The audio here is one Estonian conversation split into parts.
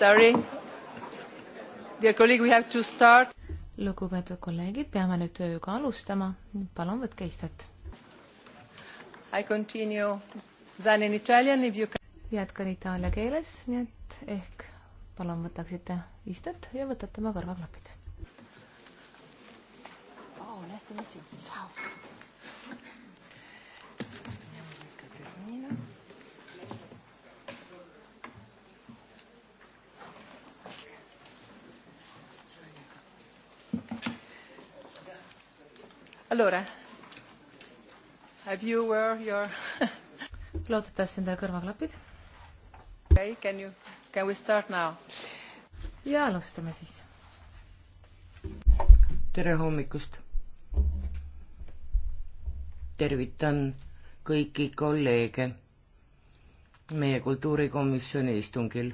Sorry. Dear colleague, we have to start. lugupeetud kolleegid, peame nüüd tööga alustama. palun võtke istet. I continue then in Italian if you can. jätkan itaalia keeles, nii et ehk palun võtaksite istet ja võtate oma kõrvaklapid. Oh, nice to meet you. Ciao. Allora, have you where uh, your loodetavasti on teil kõrvaklapid. Okay, can you, can we start now? ja alustame siis. tere hommikust. tervitan kõiki kolleege meie kultuurikomisjoni istungil.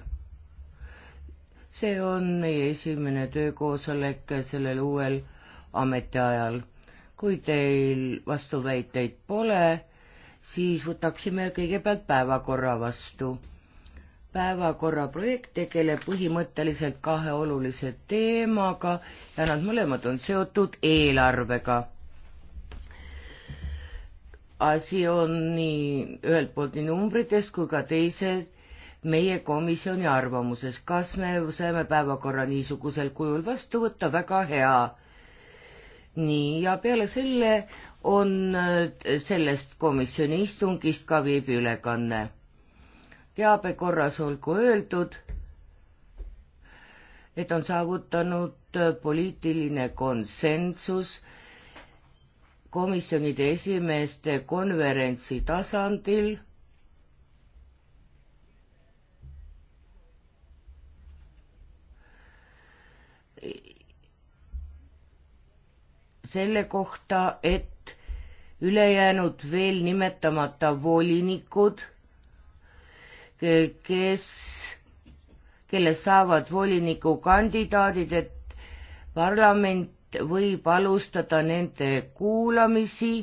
see on meie esimene töökoosolek sellel uuel ametiajal kui teil vastuväiteid pole, siis võtaksime kõigepealt päevakorra vastu. päevakorra projekt tegeleb põhimõtteliselt kahe olulise teemaga ja nad mõlemad on seotud eelarvega. asi on nii ühelt poolt nii numbrites kui ka teised meie komisjoni arvamuses, kas me saame päevakorra niisugusel kujul vastu võtta, väga hea nii, ja peale selle on äh, sellest komisjoni istungist ka veebiülekanne. teabe korras olgu öeldud, et on saavutanud äh, poliitiline konsensus komisjonide esimeeste konverentsi tasandil selle kohta, et ülejäänud veel nimetamata volinikud, kes, kellest saavad volinikukandidaadid, et parlament võib alustada nende kuulamisi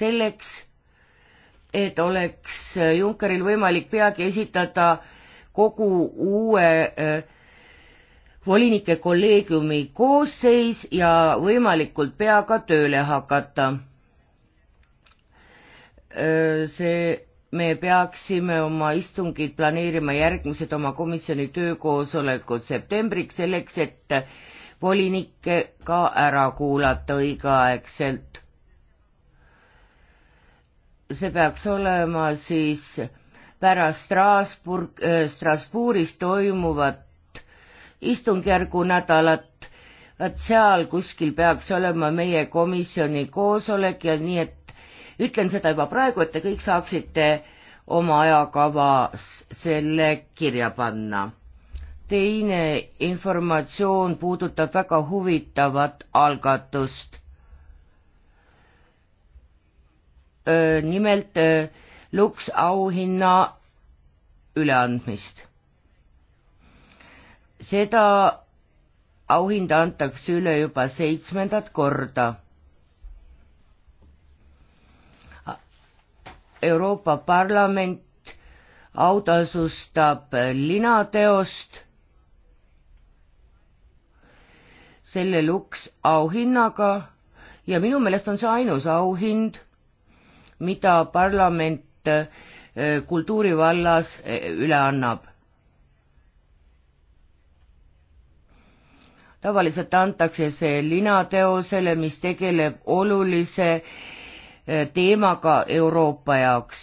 selleks, et oleks Junckeril võimalik peagi esitada kogu uue äh, volinike kolleegiumi koosseis ja võimalikult pea ka tööle hakata. see, me peaksime oma istungid planeerima järgmised oma komisjoni töökoosolekud septembriks, selleks et volinikke ka ära kuulata õigeaegselt. see peaks olema siis pärast Strasbourg, Strasbourgis toimuvat istungjärgu nädalat. vaat seal kuskil peaks olema meie komisjoni koosolek ja nii et ütlen seda juba praegu, et te kõik saaksite oma ajakava selle kirja panna. teine informatsioon puudutab väga huvitavat algatust. nimelt Lux auhinna üleandmist seda auhinda antakse üle juba seitsmendat korda. Euroopa Parlament autasustab linateost selle Lux auhinnaga ja minu meelest on see ainus auhind, mida parlament eh, kultuurivallas eh, üle annab tavaliselt antakse see linateosele, mis tegeleb olulise eh, teemaga Euroopa jaoks.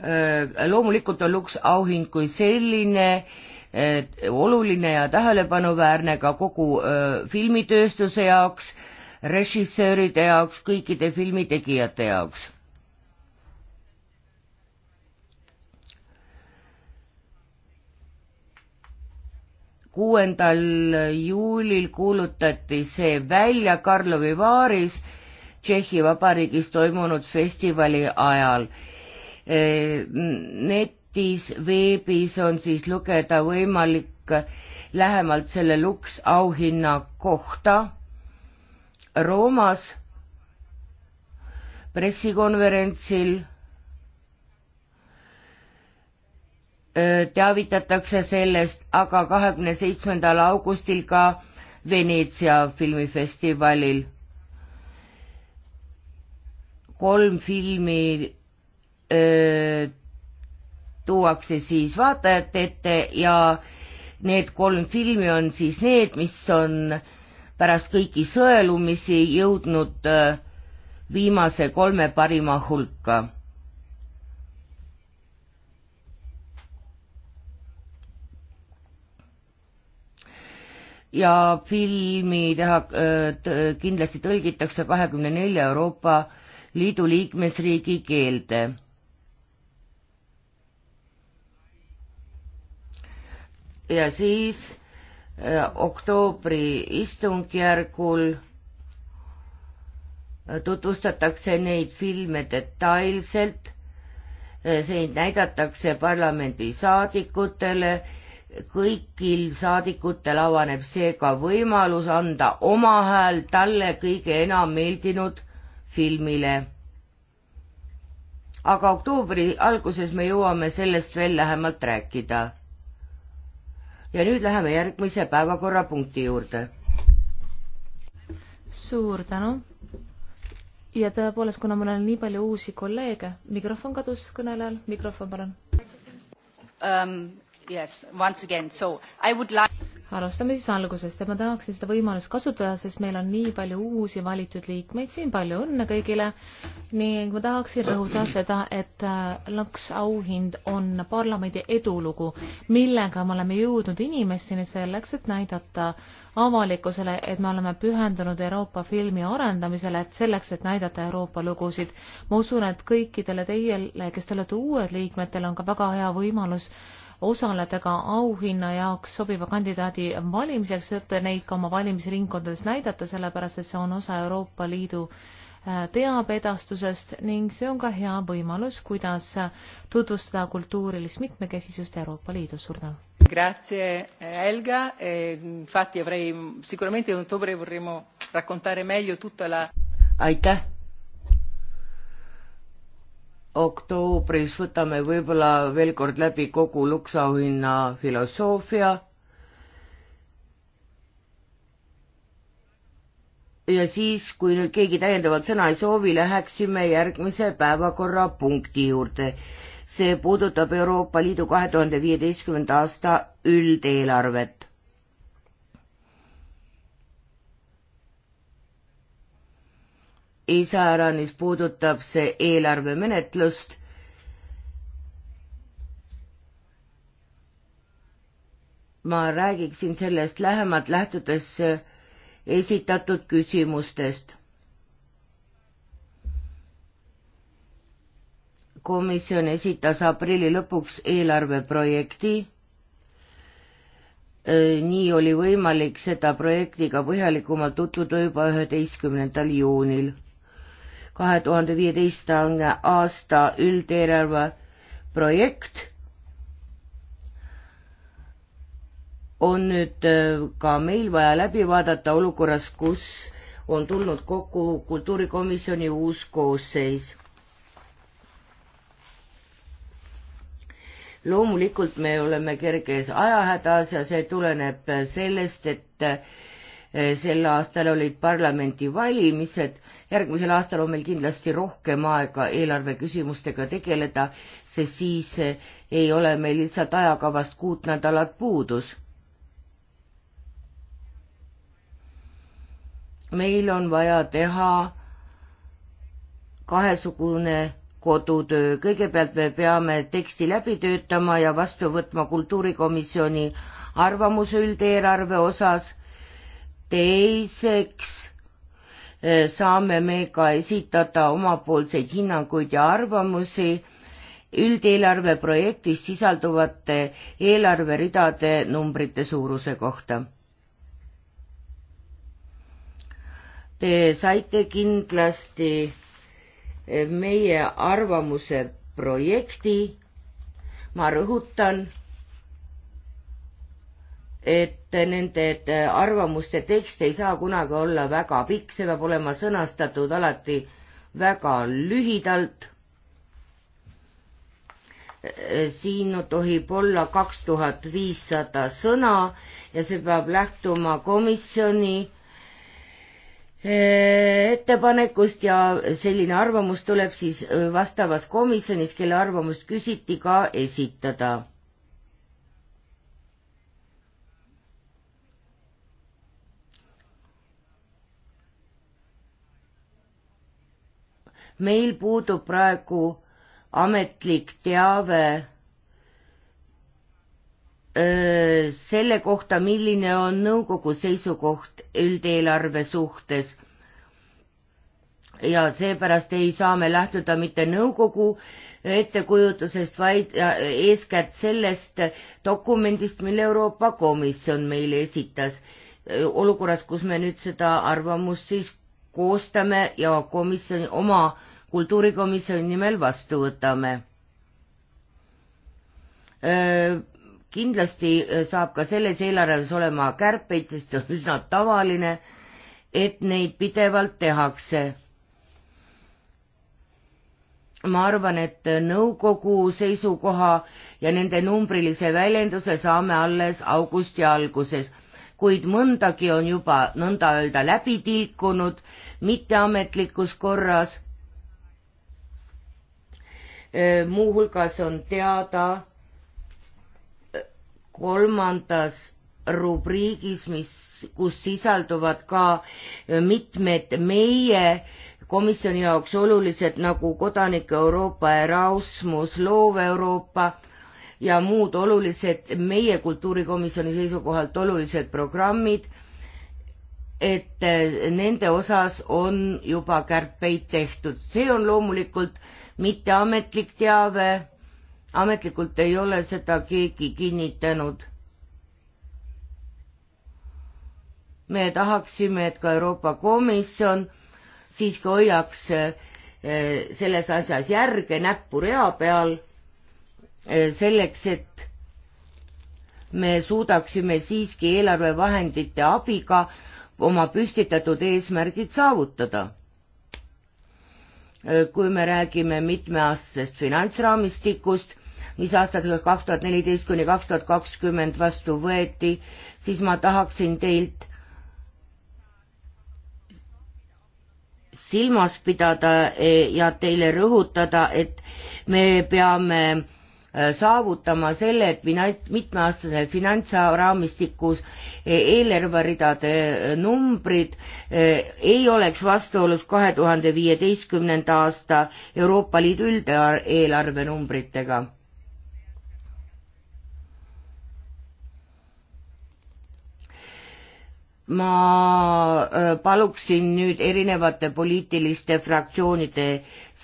Eh, loomulikult on Lux auhind kui selline eh, oluline ja tähelepanuväärne ka kogu filmitööstuse jaoks, režissööride jaoks, kõikide filmitegijate jaoks kuuendal juulil kuulutati see välja Karlovi vaaris Tšehhi Vabariigis toimunud festivali ajal. E, netis, veebis on siis lugeda võimalik lähemalt selle Lux auhinna kohta. Roomas pressikonverentsil teavitatakse sellest, aga kahekümne seitsmendal augustil ka Veneetsia filmifestivalil. kolm filmi öö, tuuakse siis vaatajate ette ja need kolm filmi on siis need, mis on pärast kõiki sõelumisi jõudnud öö, viimase kolme parima hulka ja filmi teha, äh, kindlasti tõlgitakse kahekümne nelja Euroopa Liidu liikmesriigi keelde. ja siis äh, oktoobri istungjärgul äh, tutvustatakse neid filme detailselt, neid näidatakse parlamendi saadikutele kõigil saadikutel avaneb seega võimalus anda oma hääl talle kõige enam meeldinud filmile. aga oktoobri alguses me jõuame sellest veel lähemalt rääkida. ja nüüd läheme järgmise päevakorrapunkti juurde. suur tänu. ja tõepoolest, kuna mul on nii palju uusi kolleege, mikrofon kadus kõnelejal, mikrofon palun um yes, once again, so I would like alustame siis algusest ja ma tahaksin seda võimalust kasutada, sest meil on nii palju uusi valitud liikmeid siin, palju õnne kõigile ning ma tahaksin rõhuda seda, et äh, Laks auhind on parlamendi edulugu, millega me oleme jõudnud inimesteni selleks, et näidata avalikkusele, et me oleme pühendunud Euroopa filmi arendamisele, et selleks, et näidata Euroopa lugusid. ma usun, et kõikidele teile, kes te olete uued liikmetel, on ka väga hea võimalus osaleda ka auhinna jaoks sobiva kandidaadi valimiseks, et neid ka oma valimisringkondades näidata, sellepärast et see on osa Euroopa Liidu äh, teabedastusest ning see on ka hea võimalus, kuidas tutvustada kultuurilist mitmekesisust Euroopa Liidus. suur tänu! Grazie Helga, e, infatti avrei sicuramente in ottobre vorremmo raccontare meglio tutta la aitäh! oktoobris võtame võib-olla veel kord läbi kogu luksauhinna filosoofia. ja siis, kui nüüd keegi täiendavalt sõna ei soovi, läheksime järgmise päevakorrapunkti juurde. see puudutab Euroopa Liidu kahe tuhande viieteistkümnenda aasta üldeelarvet iseäranis puudutab see eelarvemenetlust. ma räägiksin sellest lähemalt, lähtudes esitatud küsimustest. komisjon esitas aprilli lõpuks eelarveprojekti äh, nii oli võimalik seda projekti ka põhjalikumalt tutvuda juba üheteistkümnendal juunil kahe tuhande viieteistkümne aasta üldeelarve projekt on nüüd äh, ka meil vaja läbi vaadata olukorras, kus on tulnud kokku kultuurikomisjoni uus koosseis. loomulikult me oleme kerges ajahädas ja see tuleneb sellest, et Eh, sel aastal olid parlamendivalimised, järgmisel aastal on meil kindlasti rohkem aega eelarve küsimustega tegeleda, sest siis eh, ei ole meil lihtsalt ajakavast kuut nädalat puudus. meil on vaja teha kahesugune kodutöö, kõigepealt me peame teksti läbi töötama ja vastu võtma kultuurikomisjoni arvamuse üldeelarve osas teiseks eh, saame me ka esitada omapoolseid hinnanguid ja arvamusi üldeelarve projektis sisalduvate eelarveridade numbrite suuruse kohta. Te saite kindlasti eh, meie arvamuse projekti, ma rõhutan et nende äh, arvamuste tekst ei saa kunagi olla väga pikk, see peab olema sõnastatud alati väga lühidalt. Äh, siin tohib olla kaks tuhat viissada sõna ja see peab lähtuma komisjoni äh, ettepanekust ja selline arvamus tuleb siis vastavas komisjonis, kelle arvamust küsiti, ka esitada meil puudub praegu ametlik teave öö, selle kohta, milline on nõukogu seisukoht üldeelarve suhtes. ja seepärast ei saa me lähtuda mitte nõukogu ettekujutusest, vaid eeskätt sellest dokumendist, mille Euroopa Komisjon meile esitas. olukorras, kus me nüüd seda arvamust siis koostame ja komisjoni, oma kultuurikomisjoni nimel vastu võtame. kindlasti saab ka selles eelarves olema kärpeid, sest on üsna tavaline, et neid pidevalt tehakse. ma arvan, et nõukogu seisukoha ja nende numbrilise väljenduse saame alles augusti alguses kuid mõndagi on juba nõnda öelda läbi tiikunud mitteametlikus korras. muuhulgas on teada e, kolmandas rubriigis, mis, kus sisalduvad ka e, mitmed meie komisjoni jaoks olulised nagu kodanike Euroopa Erasmus, loov Euroopa ja muud olulised, meie kultuurikomisjoni seisukohalt olulised programmid, et eh, nende osas on juba kärpeid tehtud. see on loomulikult mitteametlik teave, ametlikult ei ole seda keegi kinnitanud. me tahaksime, et ka Euroopa Komisjon siiski hoiaks eh, selles asjas järge näppu rea peal Eh, selleks, et me suudaksime siiski eelarvevahendite abiga oma püstitatud eesmärgid saavutada. Eh, kui me räägime mitmeaastasest finantsraamistikust, mis aastateks kaks tuhat neliteist kuni kaks tuhat kakskümmend vastu võeti, siis ma tahaksin teilt silmas pidada eh, ja teile rõhutada, et me peame Äh, saavutama selle, et finants, mitmeaastasel finantsraamistikus e, eelarveridade äh, numbrid äh, ei oleks vastuolus kahe tuhande viieteistkümnenda aasta Euroopa Liidu üldeelarve numbritega ma äh, paluksin nüüd erinevate poliitiliste fraktsioonide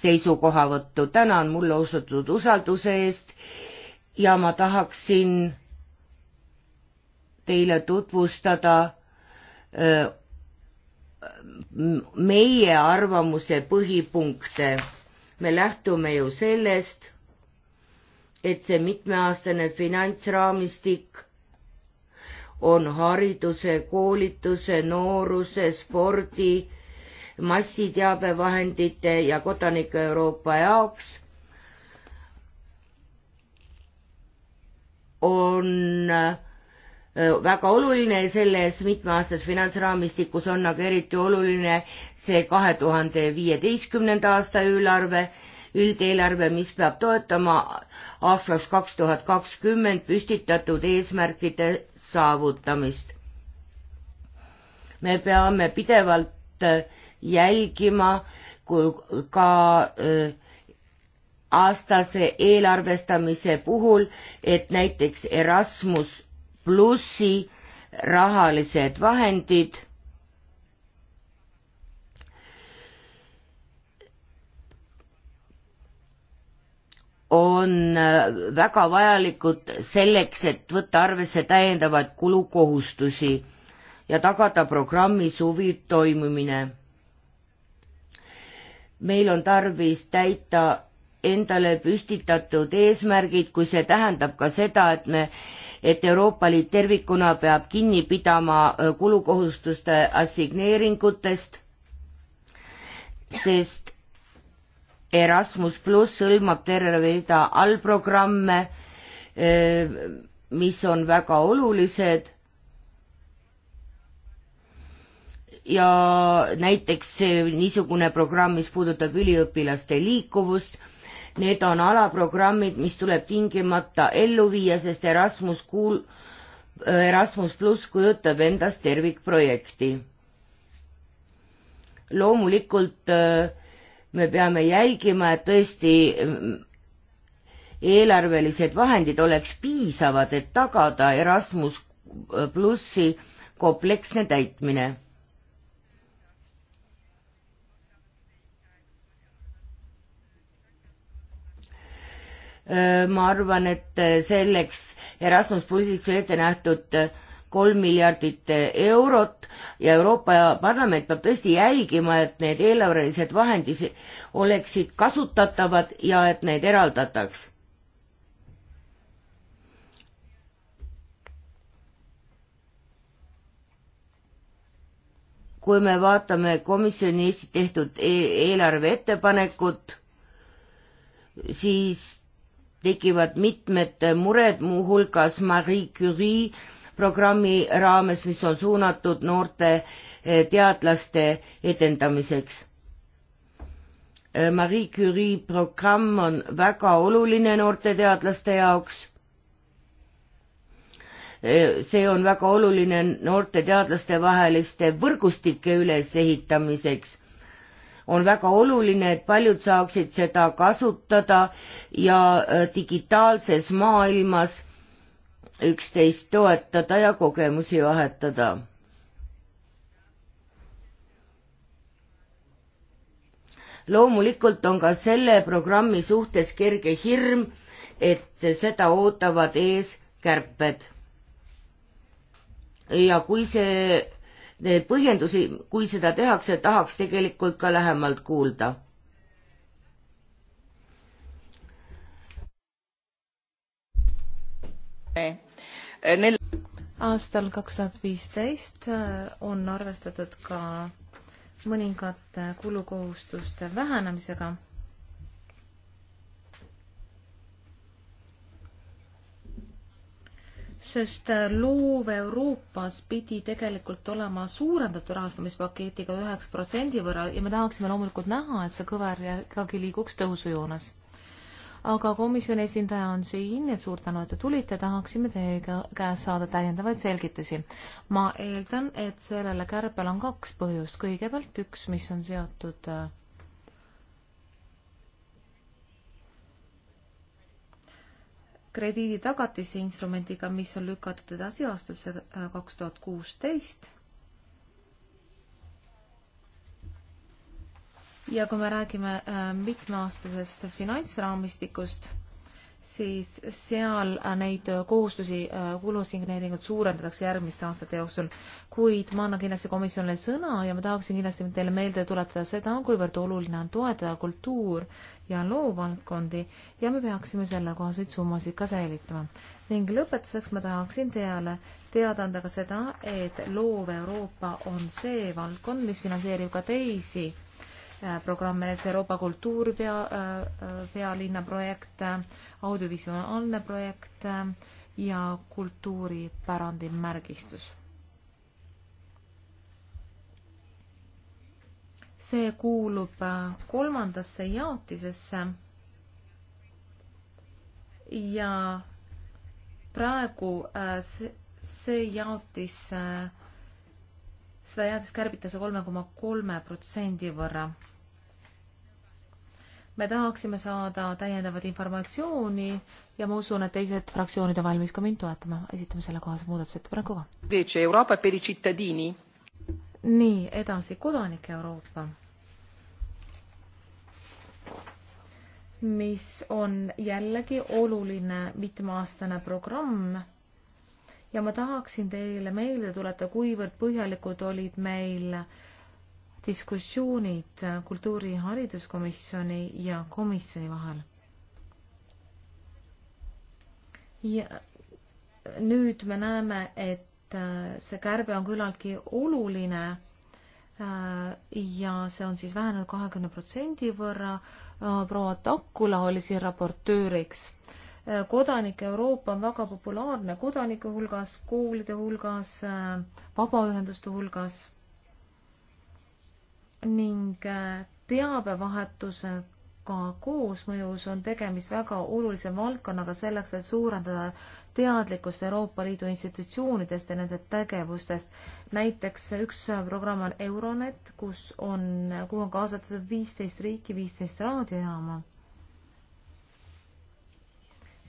seisukohavõttu. tänan mulle osutatud usalduse eest ja ma tahaksin teile tutvustada äh, meie arvamuse põhipunkte. me lähtume ju sellest, et see mitmeaastane finantsraamistik on hariduse, koolituse, nooruse, spordi, massiteabevahendite ja kodanike Euroopa jaoks on äh, väga oluline ja selles mitmeaastases finantsraamistikus on aga eriti oluline see kahe tuhande viieteistkümnenda aasta eelarve üldeelarve, mis peab toetama aastaks kaks tuhat kakskümmend püstitatud eesmärkide saavutamist. me peame pidevalt äh, jälgima ka äh, aastase eelarvestamise puhul, et näiteks Erasmus plussi rahalised vahendid on äh, väga vajalikud selleks, et võtta arvesse täiendavaid kulukohustusi ja tagada programmi suvi toimumine. meil on tarvis täita endale püstitatud eesmärgid, kui see tähendab ka seda, et me, et Euroopa Liit tervikuna peab kinni pidama äh, kulukohustuste assigneeringutest, sest Erasmus pluss hõlmab terve rida allprogramme, eh, mis on väga olulised. ja näiteks niisugune programm, mis puudutab üliõpilaste liikuvust, need on alaprogrammid, mis tuleb tingimata ellu viia, sest Erasmus kuul-, Erasmus pluss kujutab endast tervikprojekti. loomulikult äh, me peame jälgima, et tõesti mm, eelarvelised vahendid oleks piisavad, et tagada Erasmus plussi kompleksne täitmine ma arvan, et äh, selleks Erasmus plussiks ette nähtud kolm miljardit eurot ja Euroopa Parlament peab tõesti jälgima, et need eelarvelised vahendid oleksid kasutatavad ja et need eraldataks. kui me vaatame komisjoni tehtud e-, eelarve ettepanekut, siis tekivad mitmed mured, muuhulgas Marie Curie programmi raames, mis on suunatud noorte eh, teadlaste edendamiseks. Eh, Marie Curie programm on väga oluline noorte teadlaste jaoks. Eh, see on väga oluline noorte teadlaste vaheliste võrgustike ülesehitamiseks on väga oluline, et paljud saaksid seda kasutada ja digitaalses maailmas üksteist toetada ja kogemusi vahetada. loomulikult on ka selle programmi suhtes kerge hirm, et seda ootavad ees kärped. ja kui see, põhjendusi, kui seda tehakse, tahaks tegelikult ka lähemalt kuulda nel-. aastal kaks tuhat viisteist äh, on arvestatud ka mõningate kulukohustuste vähenemisega. sest äh, loov Euroopas pidi tegelikult olema suurendatud rahastamispaketiga üheks protsendi võrra ja me tahaksime loomulikult näha, et see kõver ikkagi liiguks tõusujoones aga komisjoni esindaja on siin ja suur tänu, et te tulite, tahaksime teie käest saada täiendavaid selgitusi. ma eeldan, et sellele kärbel on kaks põhjust, kõigepealt üks, mis on seotud äh, krediiditagatise instrumendiga, mis on lükatud edasi aastasse äh, kaks tuhat kuusteist ja kui me räägime äh, mitmeaastasest finantsraamistikust, siis seal äh, neid äh, kohustusi, kulusigneeringut suurendatakse järgmiste aastate jooksul, kuid ma annan kindlasti komisjonile sõna ja ma tahaksin kindlasti teile meelde tuletada seda, kuivõrd oluline on toetada kultuur ja loovvaldkondi ja me peaksime sellekohaseid summasid ka säilitama. ning lõpetuseks ma tahaksin teale teada anda ka seda, et loov Euroopa on see valdkond, mis finantseerib ka teisi Äh, programm näiteks Euroopa kultuurpea, äh, äh, pealinna projekt, audiovisuaalne projekt ja kultuuripärandi märgistus. see kuulub kolmandasse jaotisesse ja praegu see jaotis äh, seda teadust kärbitakse kolme koma kolme protsendi võrra. me tahaksime saada täiendavat informatsiooni ja ma usun, et teised fraktsioonid on valmis ka mind toetama, esitame sellekohase muudatusettepanekuga. nii, edasi, kodanike Euroopa mis on jällegi oluline mitmeaastane programm ja ma tahaksin teile meelde tuletada, kuivõrd põhjalikud olid meil diskussioonid kultuuri- ja hariduskomisjoni ja komisjoni vahel. ja nüüd me näeme, et see kärbe on küllaltki oluline ja see on siis vähenenud kahekümne protsendi võrra. proua Takula oli siin raportööriks kodanik Euroopa on väga populaarne kodanike hulgas, koolide hulgas, vabaühenduste hulgas ning teabevahetusega ka koosmõjus on tegemist väga olulise valdkonnaga selleks, et suurendada teadlikkust Euroopa Liidu institutsioonidest ja nende tegevustest. näiteks üks programm on Euronet, kus on, kuhu on kaasatud viisteist riiki, viisteist raadiojaama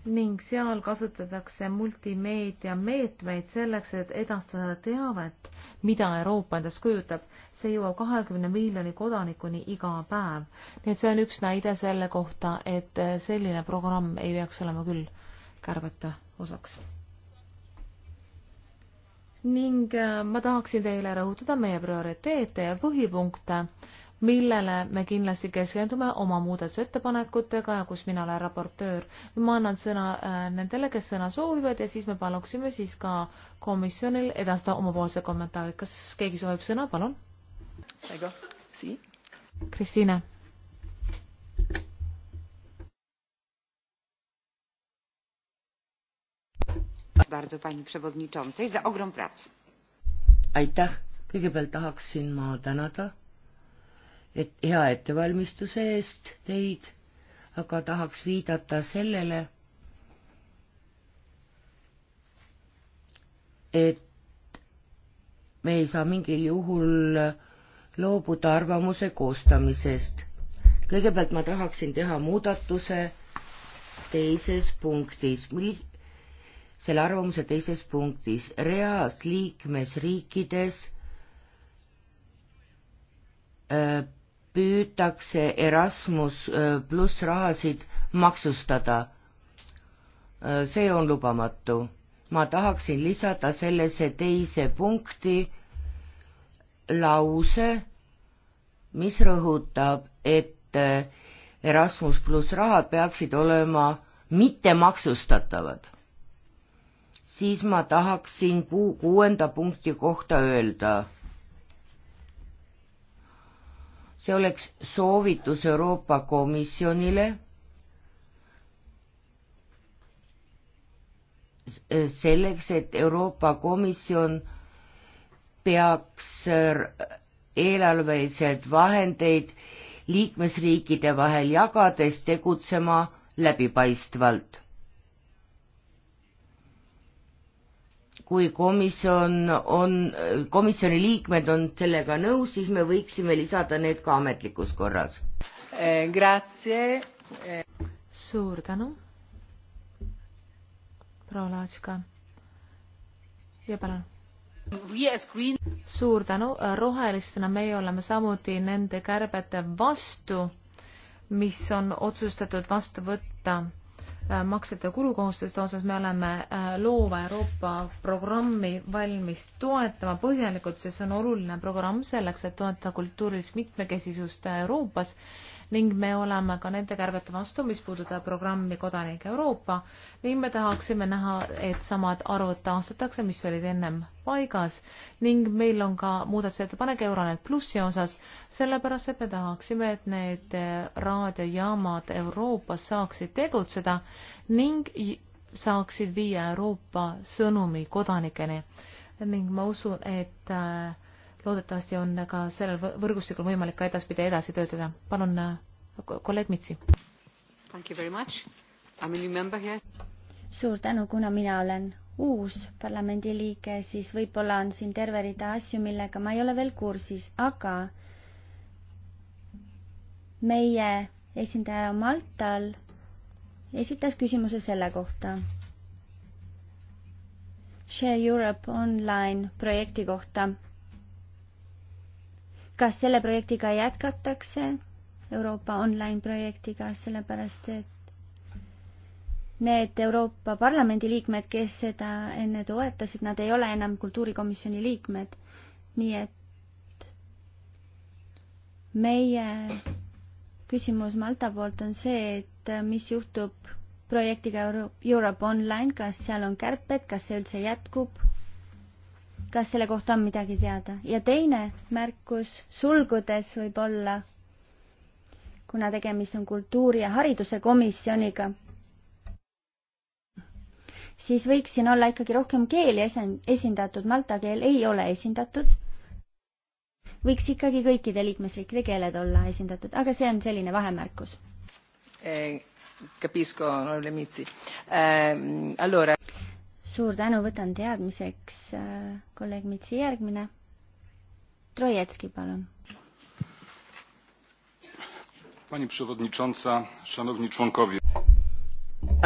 ning seal kasutatakse multimeedia meetmeid selleks, et edastada teavet, mida Euroopa endast kujutab. see jõuab kahekümne miljoni kodanikuni iga päev. nii et see on üks näide selle kohta, et eh, selline programm ei peaks olema küll kärbete osaks. ning eh, ma tahaksin teile rõhutada meie prioriteete ja põhipunkte millele me kindlasti keskendume oma muudatusettepanekutega ja kus mina olen raportöör. ma annan sõna äh, nendele, kes sõna soovivad ja siis me paluksime siis ka komisjonil edastada omapoolse kommentaari. kas keegi soovib sõna, palun? Kristiine. aitäh, kõigepealt tahaksin ma tänada et hea ettevalmistuse eest teid, aga tahaks viidata sellele, et me ei saa mingil juhul loobuda arvamuse koostamisest. kõigepealt ma tahaksin teha muudatuse teises punktis, selle arvamuse teises punktis, reas liikmesriikides öö, äh, püütakse Erasmus äh, pluss rahasid maksustada. Äh, see on lubamatu. ma tahaksin lisada sellesse teise punkti lause, mis rõhutab, et äh, Erasmus pluss rahad peaksid olema mittemaksustatavad. siis ma tahaksin kuu kuuenda punkti kohta öelda see oleks soovitus Euroopa Komisjonile selleks, et Euroopa Komisjon peaks eelarvelised vahendeid liikmesriikide vahel jagades tegutsema läbipaistvalt kui komisjon on, komisjoni liikmed on sellega nõus, siis me võiksime lisada need ka ametlikus korras eh,. Grazie eh.. suur tänu. proua Laatska. ja palun. Green... suur tänu, rohelistena meie oleme samuti nende kärbete vastu, mis on otsustatud vastu võtta Äh, maksete kulukohustuste osas me oleme äh, loova Euroopa programmi valmis toetama põhjalikult, sest see on oluline programm selleks, et toetada kultuurilist mitmekesisust Euroopas ning me oleme ka nende kärbete vastu, mis puudutab programmi Kodanik Euroopa ning me tahaksime näha, et samad arvud taastatakse, mis olid ennem paigas ning meil on ka muudatusettepanek Euronet plussi osas, sellepärast et me tahaksime, et need raadiojaamad Euroopas saaksid tegutseda ning saaksid viia Euroopa sõnumi kodanikeni ning ma usun, et äh, loodetavasti on ka sellel võrgustikul võimalik ka edaspidi edasi töötada. palun, äh, kolleeg Mitsi. suur tänu, kuna mina olen uus parlamendiliige, siis võib-olla on siin terve rida asju, millega ma ei ole veel kursis, aga meie esindaja Maltal esitas küsimuse selle kohta. Share Europe Online projekti kohta kas selle projektiga jätkatakse, Euroopa Online projektiga, sellepärast et need Euroopa Parlamendi liikmed, kes seda enne toetasid, nad ei ole enam kultuurikomisjoni liikmed. nii et meie küsimus Malta poolt on see, et mis juhtub projektiga Euro Europe Online, kas seal on kärped, kas see üldse jätkub? kas selle kohta on midagi teada? ja teine märkus sulgudes võib-olla, kuna tegemist on kultuuri- ja haridusekomisjoniga, siis võiks siin olla ikkagi rohkem keeli esindatud, malta keel ei ole esindatud. võiks ikkagi kõikide liikmesriikide keeled olla esindatud, aga see on selline vahemärkus. Eh, capisco, onorevole Mitsi. Eh, allora, suur tänu, võtan teadmiseks äh, kolleeg Mitsi järgmine. Trojecki, palun. Pani przewodnicząca, szanowni członkowie.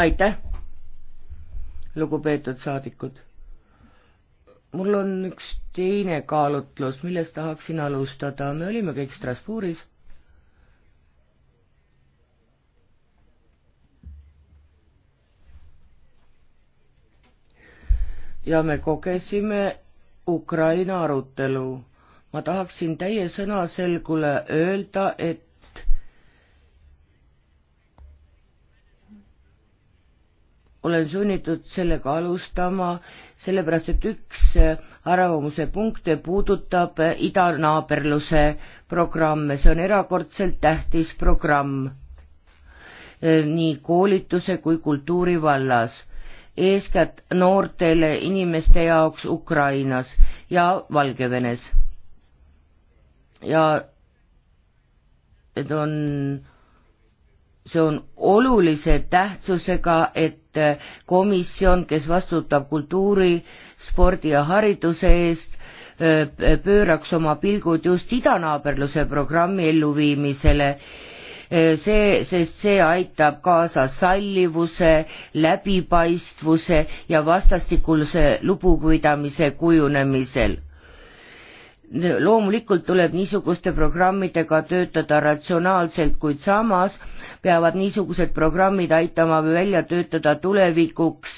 aitäh, lugupeetud saadikud. mul on üks teine kaalutlus, millest tahaksin alustada, me olime kõik Strasbourgis ja me kogesime Ukraina arutelu. ma tahaksin täie sõnaselgule öelda, et olen sunnitud sellega alustama, sellepärast et üks arvamuse punkte puudutab idanaaberluse programme, see on erakordselt tähtis programm nii koolituse kui kultuuri vallas eeskätt noortele inimeste jaoks Ukrainas ja Valgevenes. ja need on, see on olulise tähtsusega, et komisjon, kes vastutab kultuuri, spordi ja hariduse eest, pööraks oma pilgud just idanaaberluse programmi elluviimisele Äh, see, sest see aitab kaasa sallivuse, läbipaistvuse ja vastastikuse lugupidamise kujunemisel loomulikult tuleb niisuguste programmidega töötada ratsionaalselt, kuid samas peavad niisugused programmid aitama välja töötada tulevikuks,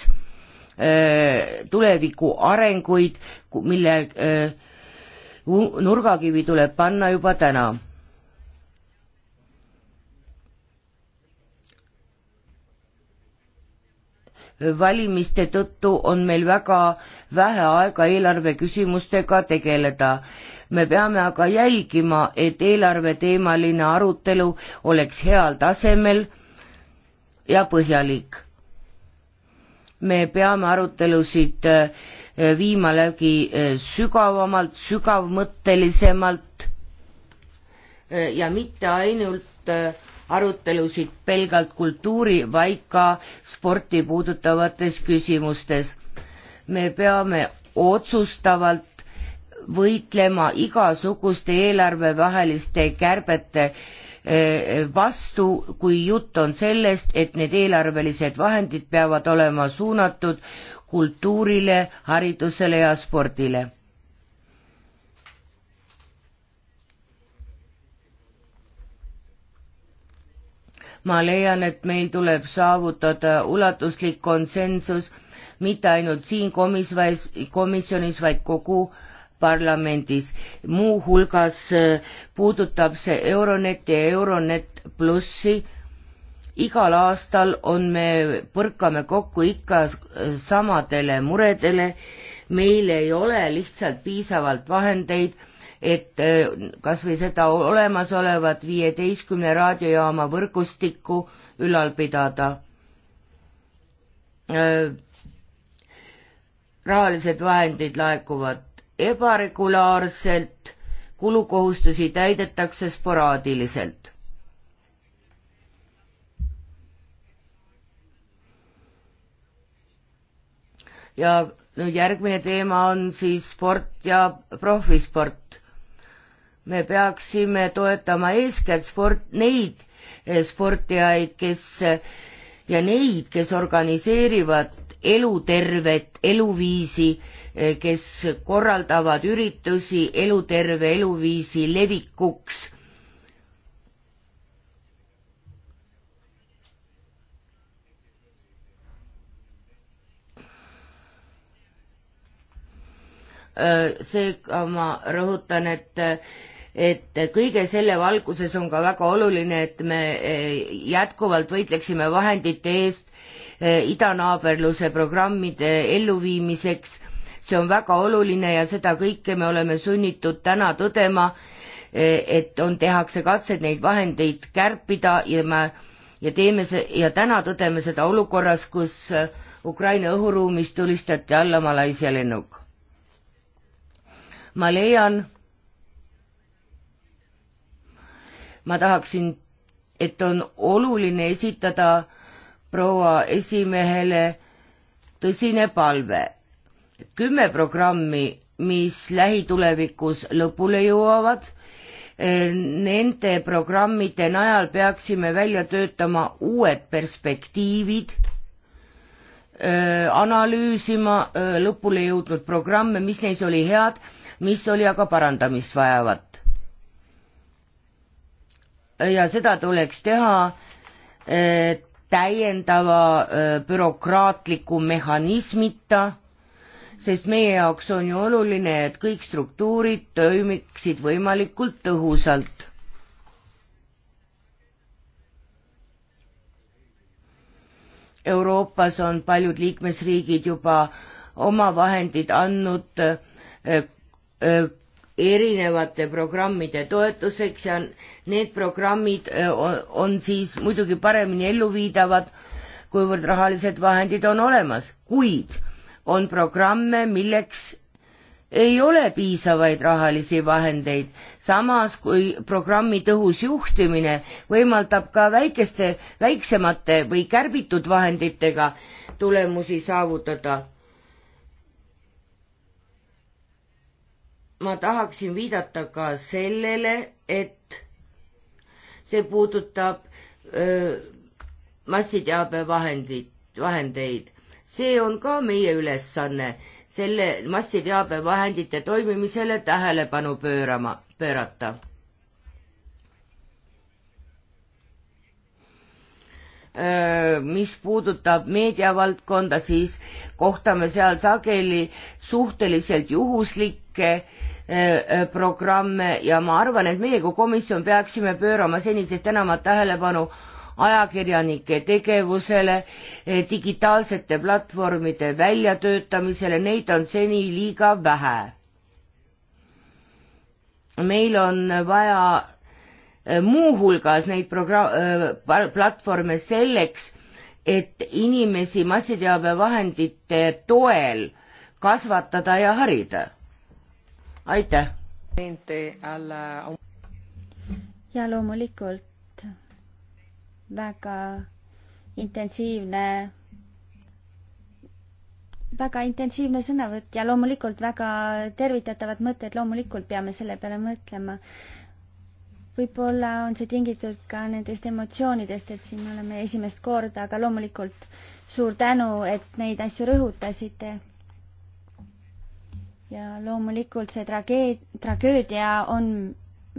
äh, tuleviku arenguid, mille äh, nurgakivi tuleb panna juba täna valimiste tõttu on meil väga vähe aega eelarveküsimustega tegeleda. me peame aga jälgima, et eelarveteemaline arutelu oleks heal tasemel ja põhjalik. me peame arutelusid äh, viima läbi äh, sügavamalt, sügavmõttelisemalt äh, ja mitte ainult arutelusid pelgalt kultuuri, vaid ka sporti puudutavates küsimustes. me peame otsustavalt võitlema igasuguste eelarvevaheliste kärbete eh, vastu, kui jutt on sellest, et need eelarvelised vahendid peavad olema suunatud kultuurile, haridusele ja spordile ma leian, et meil tuleb saavutada ulatuslik konsensus mitte ainult siin komisjonis, komisjonis, vaid kogu parlamendis. muuhulgas äh, puudutab see Euronet ja Euronet plussi. igal aastal on me, põrkame kokku ikka äh, samadele muredele, meil ei ole lihtsalt piisavalt vahendeid et äh, kas või seda olemasolevat viieteistkümne raadiojaama võrgustikku ülal pidada. Äh, rahalised vahendid laekuvad ebaregulaarselt, kulukohustusi täidetakse sporaadiliselt. ja nüüd järgmine teema on siis sport ja profisport me peaksime toetama eeskätt sport, neid eh, sportijaid, kes eh, ja neid, kes organiseerivad elutervet eluviisi, eh, kes korraldavad üritusi eluterve eluviisi levikuks. Äh, seega ma rõhutan, et et kõige selle valguses on ka väga oluline, et me eh, jätkuvalt võitleksime vahendite eest eh, idanaaberluse programmide elluviimiseks, see on väga oluline ja seda kõike me oleme sunnitud täna tõdema, eh, et on, tehakse katsed neid vahendeid kärpida ja me ja teeme see ja täna tõdeme seda olukorras, kus Ukraina õhuruumis tulistati alla Malaisia lennuk. ma leian, ma tahaksin, et on oluline esitada proua esimehele tõsine palve. kümme programmi, mis lähitulevikus lõpule jõuavad, eh, nende programmide najal peaksime välja töötama uued perspektiivid eh, analüüsima eh, lõpule jõudnud programme, mis neis oli head, mis oli aga parandamist vajavat ja seda tuleks teha eh, täiendava eh, bürokraatliku mehhanismita, sest meie jaoks on ju oluline, et kõik struktuurid toimiksid võimalikult tõhusalt. Euroopas on paljud liikmesriigid juba oma vahendid andnud eh, erinevate programmide toetuseks ja need programmid äh, on siis muidugi paremini elluviidavad, kuivõrd rahalised vahendid on olemas, kuid on programme, milleks ei ole piisavaid rahalisi vahendeid, samas kui programmi tõhus juhtimine võimaldab ka väikeste, väiksemate või kärbitud vahenditega tulemusi saavutada ma tahaksin viidata ka sellele, et see puudutab öö, massiteabevahendit, vahendeid. see on ka meie ülesanne, selle massiteabevahendite toimimisele tähelepanu pöörama, pöörata mis puudutab meediavaldkonda, siis kohtame seal sageli suhteliselt juhuslikke programme ja ma arvan, et meie kui komisjon peaksime pöörama senisest enamat tähelepanu ajakirjanike tegevusele, digitaalsete platvormide väljatöötamisele, neid on seni liiga vähe. meil on vaja Äh, muuhulgas neid progra-, äh, platvorme selleks, et inimesi massiteabevahendite toel kasvatada ja harida. aitäh! ja loomulikult väga intensiivne, väga intensiivne sõnavõtt ja loomulikult väga tervitatavad mõtted, loomulikult peame selle peale mõtlema võib-olla on see tingitud ka nendest emotsioonidest, et siin oleme esimest korda, aga loomulikult suur tänu, et neid asju rõhutasite. ja loomulikult see tragee-, tragöödia on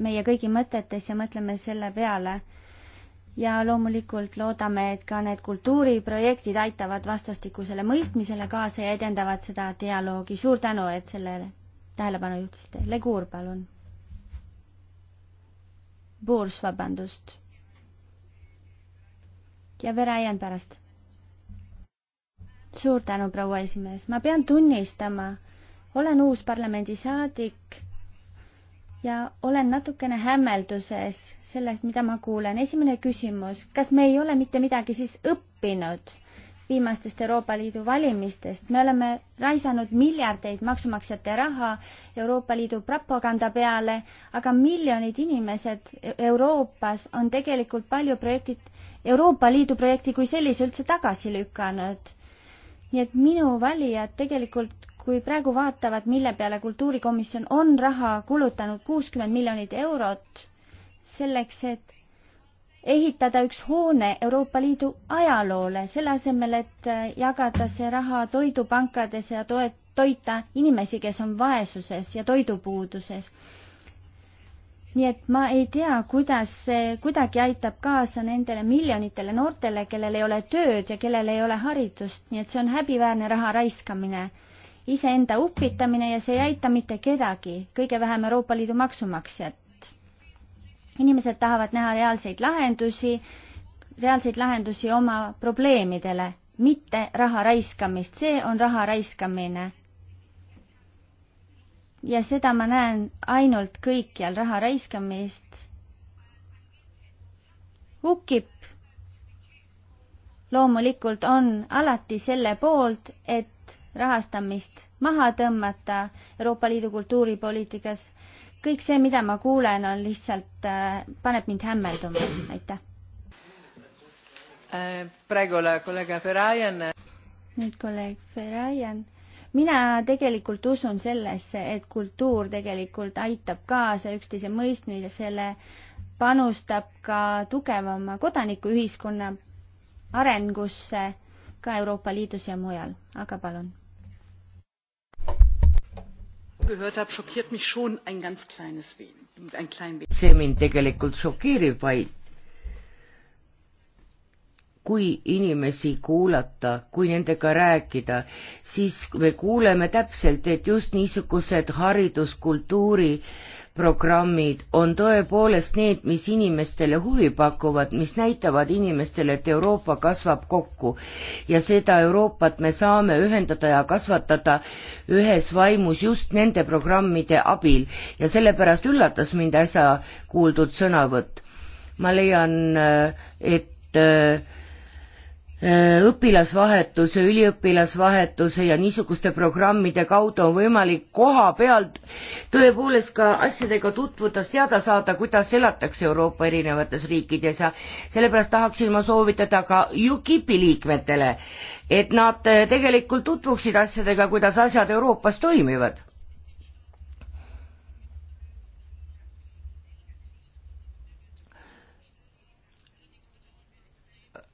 meie kõigi mõtetes ja mõtleme selle peale. ja loomulikult loodame, et ka need kultuuriprojektid aitavad vastastikusele mõistmisele kaasa ja edendavad seda dialoogi. suur tänu, et sellele tähelepanu juhtisite. Legur, palun burs, vabandust. ja Verajan pärast. suur tänu, proua esimees, ma pean tunnistama, olen uus parlamendisaadik ja olen natukene hämmelduses sellest, mida ma kuulen. esimene küsimus, kas me ei ole mitte midagi siis õppinud? viimastest Euroopa Liidu valimistest. me oleme raisanud miljardeid maksumaksjate raha Euroopa Liidu propaganda peale, aga miljonid inimesed e-, Euroopas on tegelikult palju projektid, Euroopa Liidu projekti kui sellise üldse tagasi lükanud. nii et minu valijad tegelikult kui praegu vaatavad, mille peale kultuurikomisjon on raha kulutanud kuuskümmend miljonit eurot selleks, et ehitada üks hoone Euroopa Liidu ajaloole, selle asemel, et äh, jagada see raha toidupankades ja toet-, toita inimesi, kes on vaesuses ja toidupuuduses. nii et ma ei tea, kuidas see kuidagi aitab kaasa nendele miljonitele noortele, kellel ei ole tööd ja kellel ei ole haridust, nii et see on häbiväärne raha raiskamine, iseenda upitamine ja see ei aita mitte kedagi, kõige vähem Euroopa Liidu maksumaksjat inimesed tahavad näha reaalseid lahendusi, reaalseid lahendusi oma probleemidele, mitte raha raiskamist, see on raha raiskamine. ja seda ma näen ainult kõikjal, raha raiskamist hukib. loomulikult on alati selle poolt, et rahastamist maha tõmmata Euroopa Liidu kultuuripoliitikas kõik see, mida ma kuulen, on lihtsalt, äh, paneb mind hämmelduma, aitäh. Äh, praegu ole kolleeg Ferajan. nüüd kolleeg Ferajan. mina tegelikult usun sellesse, et kultuur tegelikult aitab kaasa üksteise mõistmisele, panustab ka tugevama kodanikuühiskonna arengusse ka Euroopa Liidus ja mujal, aga palun see mind tegelikult šokeerib vaid kui inimesi kuulata, kui nendega rääkida, siis me kuuleme täpselt, et just niisugused hariduskultuuri programmid on tõepoolest need, mis inimestele huvi pakuvad, mis näitavad inimestele, et Euroopa kasvab kokku ja seda Euroopat me saame ühendada ja kasvatada ühes vaimus just nende programmide abil ja sellepärast üllatas mind äsja kuuldud sõnavõtt. ma leian, äh, et äh, Äh, õpilasvahetuse, üliõpilasvahetuse ja niisuguste programmide kaudu on võimalik koha pealt tõepoolest ka asjadega tutvuda, teada saada, kuidas elatakse Euroopa erinevates riikides ja sellepärast tahaksin ma soovitada ka UKIP-i liikmetele, et nad äh, tegelikult tutvuksid asjadega, kuidas asjad Euroopas toimivad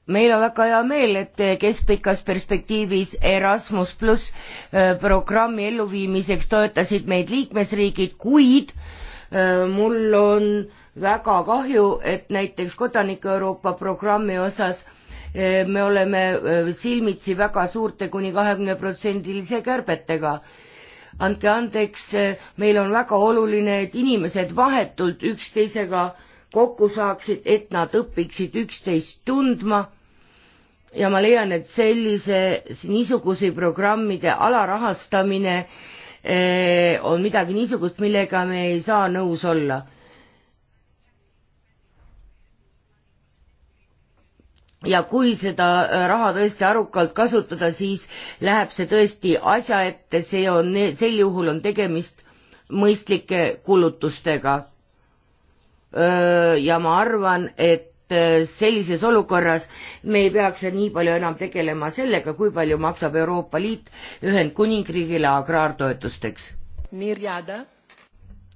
meil on väga hea meel, et eh, keskpikas perspektiivis Erasmus pluss eh, programmi elluviimiseks toetasid meid liikmesriigid, kuid eh, mul on väga kahju, et näiteks Kodanike Euroopa programmi osas me oleme silmitsi väga suurte kuni kahekümne protsendilise kärbetega andke andeks, meil on väga oluline, et inimesed vahetult üksteisega kokku saaksid, et nad õpiksid üksteist tundma ja ma leian, et sellise, niisuguse programmide alarahastamine eh, on midagi niisugust, millega me ei saa nõus olla. ja kui seda eh, raha tõesti arukalt kasutada, siis läheb see tõesti asja ette, see on, sel juhul on tegemist mõistlike kulutustega ja ma arvan, et sellises olukorras me ei peaks nii palju enam tegelema sellega, kui palju maksab Euroopa Liit Ühendkuningriigile agraartoetusteks. Nirjada.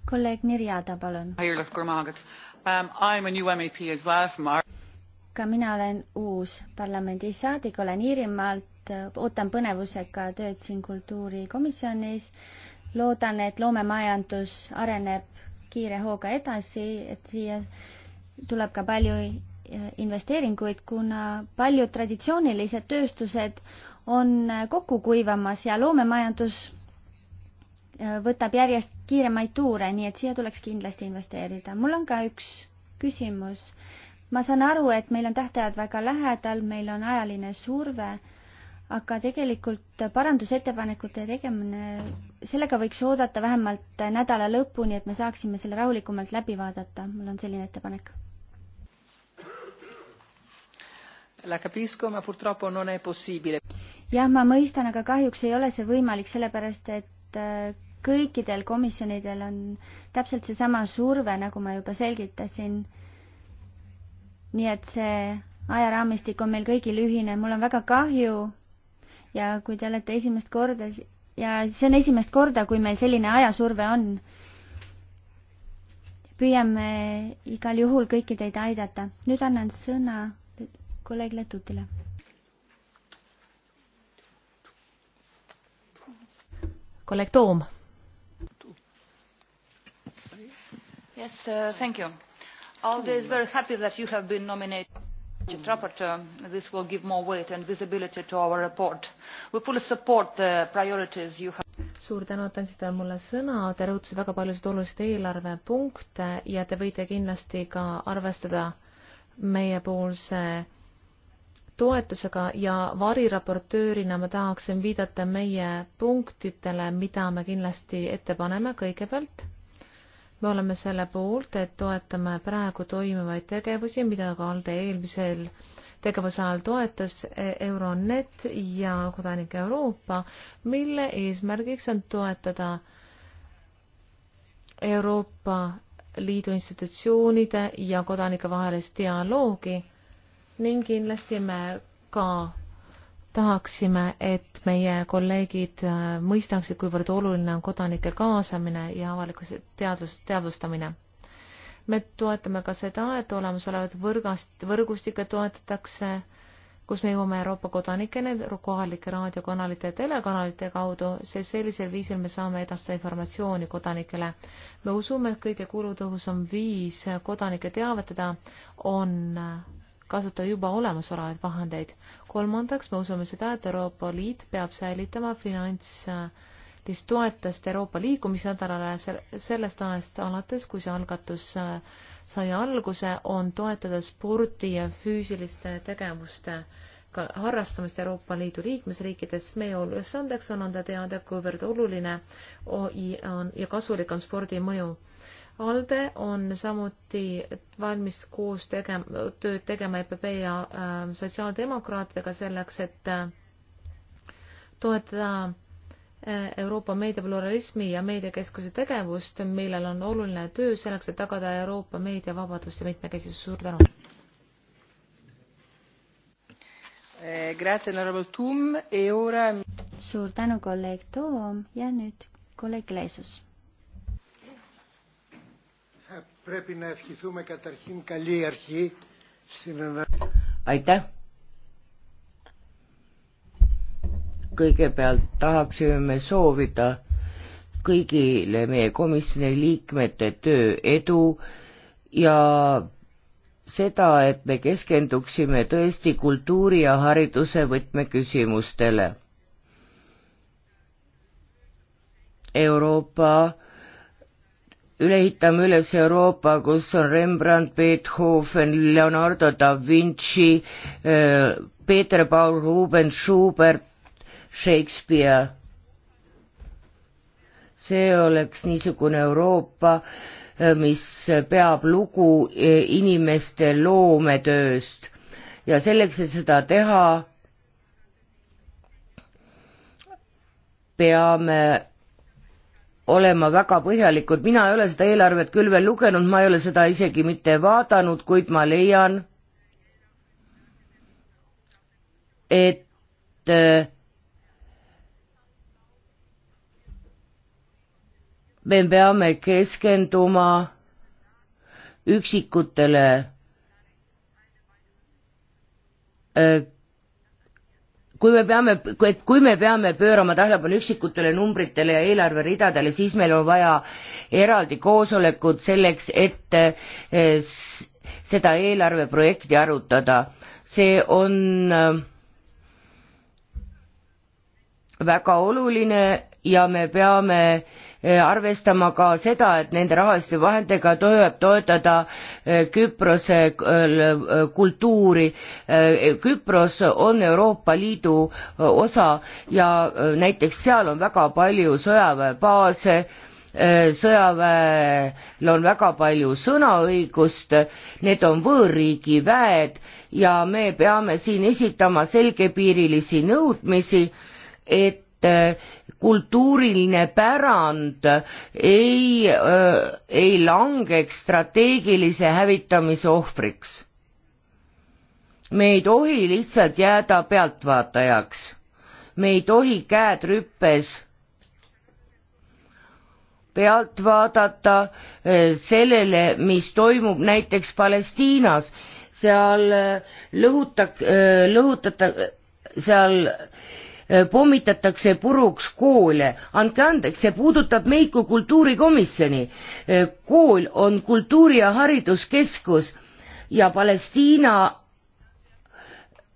kolleeg Nirjada, palun. Um, ka mina olen uus parlamendisaadik, olen Iirimaalt, ootan põnevusega tööd siin kultuurikomisjonis. loodan, et loomemajandus areneb kiire hooga edasi, et siia tuleb ka palju eh, investeeringuid, kuna paljud traditsioonilised tööstused on eh, kokku kuivamas ja loomemajandus eh, võtab järjest kiiremaid tuure, nii et siia tuleks kindlasti investeerida. mul on ka üks küsimus. ma saan aru, et meil on tähtajad väga lähedal, meil on ajaline surve, aga tegelikult parandusettepanekute tegemine sellega võiks oodata vähemalt nädala lõpuni, et me saaksime selle rahulikumalt läbi vaadata, mul on selline ettepanek. jah, ma mõistan, aga kahjuks ei ole see võimalik, sellepärast et äh, kõikidel komisjonidel on täpselt seesama surve, nagu ma juba selgitasin. nii et see ajaraamistik on meil kõigil ühine, mul on väga kahju ja kui te olete esimest korda ja see on esimest korda, kui meil selline ajasurve on. püüame igal juhul kõiki teid aidata. nüüd annan sõna kolleeg Letutile. kolleeg Toom. Yes, uh, thank you. Alde is very happy that you have been nominated rapporteur this will give more weight and visibility to our report. We fully support the priorities you have suur tänu, et andsite mulle sõna, te rõhutasite väga paljusid olulisi eelarvepunkte ja te võite kindlasti ka arvestada meiepoolse toetusega ja variraportöörina ma tahaksin viidata meie punktidele, mida me kindlasti ette paneme kõigepealt me oleme selle poolt, et toetame praegu toimivaid tegevusi, mida ka ALDE eelmisel tegevuse ajal toetas e- Euronet ja Kodanik Euroopa, mille eesmärgiks on toetada Euroopa Liidu institutsioonide ja kodanike vahelist dialoogi ning kindlasti me ka tahaksime, et meie kolleegid äh, mõistaksid, kuivõrd oluline on kodanike kaasamine ja avalikkuse teadvus, teadvustamine. me toetame ka seda, et olemasolevat võrgast, võrgustikke toetatakse, kus me jõuame Euroopa kodanikeni kohalike raadiokanalite ja telekanalite kaudu, sest sellisel viisil me saame edastada informatsiooni kodanikele. me usume, et kõige kulutõhusam viis kodanikke teavitada on kasutada juba olemasolevaid vahendeid. kolmandaks, me usume seda, et Euroopa Liit peab säilitama finantsilist toetust Euroopa liikumisnädalale sellest ajast alates, kui see algatus äh, sai alguse, on toetada spordi ja füüsiliste tegevuste harrastamist Euroopa Liidu liikmesriikides. meie ülesandeks on anda teada, kuivõrd oluline on ja kasulik on spordi mõju ALDE on samuti valmis koos tegema, tööd tegema EPP ja äh, sotsiaaldemokraatidega selleks, et äh, toetada äh, Euroopa meediapluralismi ja meediakeskuse tegevust, millel on oluline töö selleks, et tagada Euroopa meediavabadust ja mitmekesisust. suur tänu eh,! E suur tänu, kolleeg Toom ja nüüd kolleeg Leisus Θα πρέπει να ευχηθούμε καταρχήν καλή αρχή στην aitäh! kõigepealt tahaksime soovida kõigile meie komisjoni liikmete töö edu ja seda, et me keskenduksime tõesti kultuuri ja hariduse võtmeküsimustele. Euroopa üle ehitame üles Euroopa, kus on Rembrandt, Beethoven, Leonardo da Vinci, äh, Peeter Paul Rubens, Schubert, Shakespeare. see oleks niisugune Euroopa, äh, mis peab lugu äh, inimeste loometööst ja selleks, et seda teha, peame olema väga põhjalikud, mina ei ole seda eelarvet küll veel lugenud, ma ei ole seda isegi mitte vaadanud, kuid ma leian, et äh, me peame keskenduma üksikutele äh, kui me peame, et kui me peame pöörama tähelepanu üksikutele numbritele ja eelarveridadele, siis meil on vaja eraldi koosolekut selleks, et eh, seda eelarveprojekti arutada. see on eh, väga oluline ja me peame Äh, arvestama ka seda, et nende rahaliste vahenditega tuleb toetada äh, Küprose äh, kultuuri. Küpros on Euroopa Liidu osa ja näiteks seal on väga palju sõjaväebaase sõjaväel on väga palju sõnaõigust, need on võõrriigi väed ja me peame siin esitama selgepiirilisi nõudmisi, et kultuuriline pärand ei, ei langeks strateegilise hävitamise ohvriks. me ei tohi lihtsalt jääda pealtvaatajaks, me ei tohi käed rüppes pealt vaadata sellele, mis toimub näiteks Palestiinas, seal lõhutak-, lõhutata-, seal Äh, pommitatakse puruks koole. andke andeks, see puudutab meid kui kultuurikomisjoni. Äh, kool on kultuuri- ja hariduskeskus ja Palestiina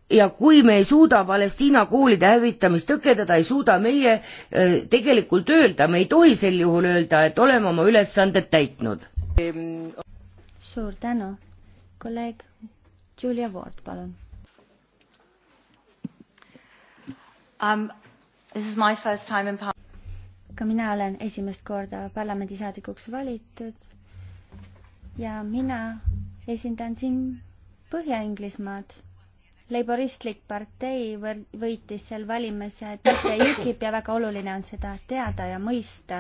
ja kui me ei suuda Palestiina koolide hävitamist tõkendada, ei suuda meie äh, tegelikult öelda, me ei tohi sel juhul öelda, et oleme oma ülesanded täitnud. suur tänu, kolleeg Julia Ward, palun um,. ka mina olen esimest korda parlamendisaadikuks valitud ja mina esindan siin Põhja-Inglismaad. Laboristlik partei võitis seal valimised, mitte UKIP ja väga oluline on seda teada ja mõista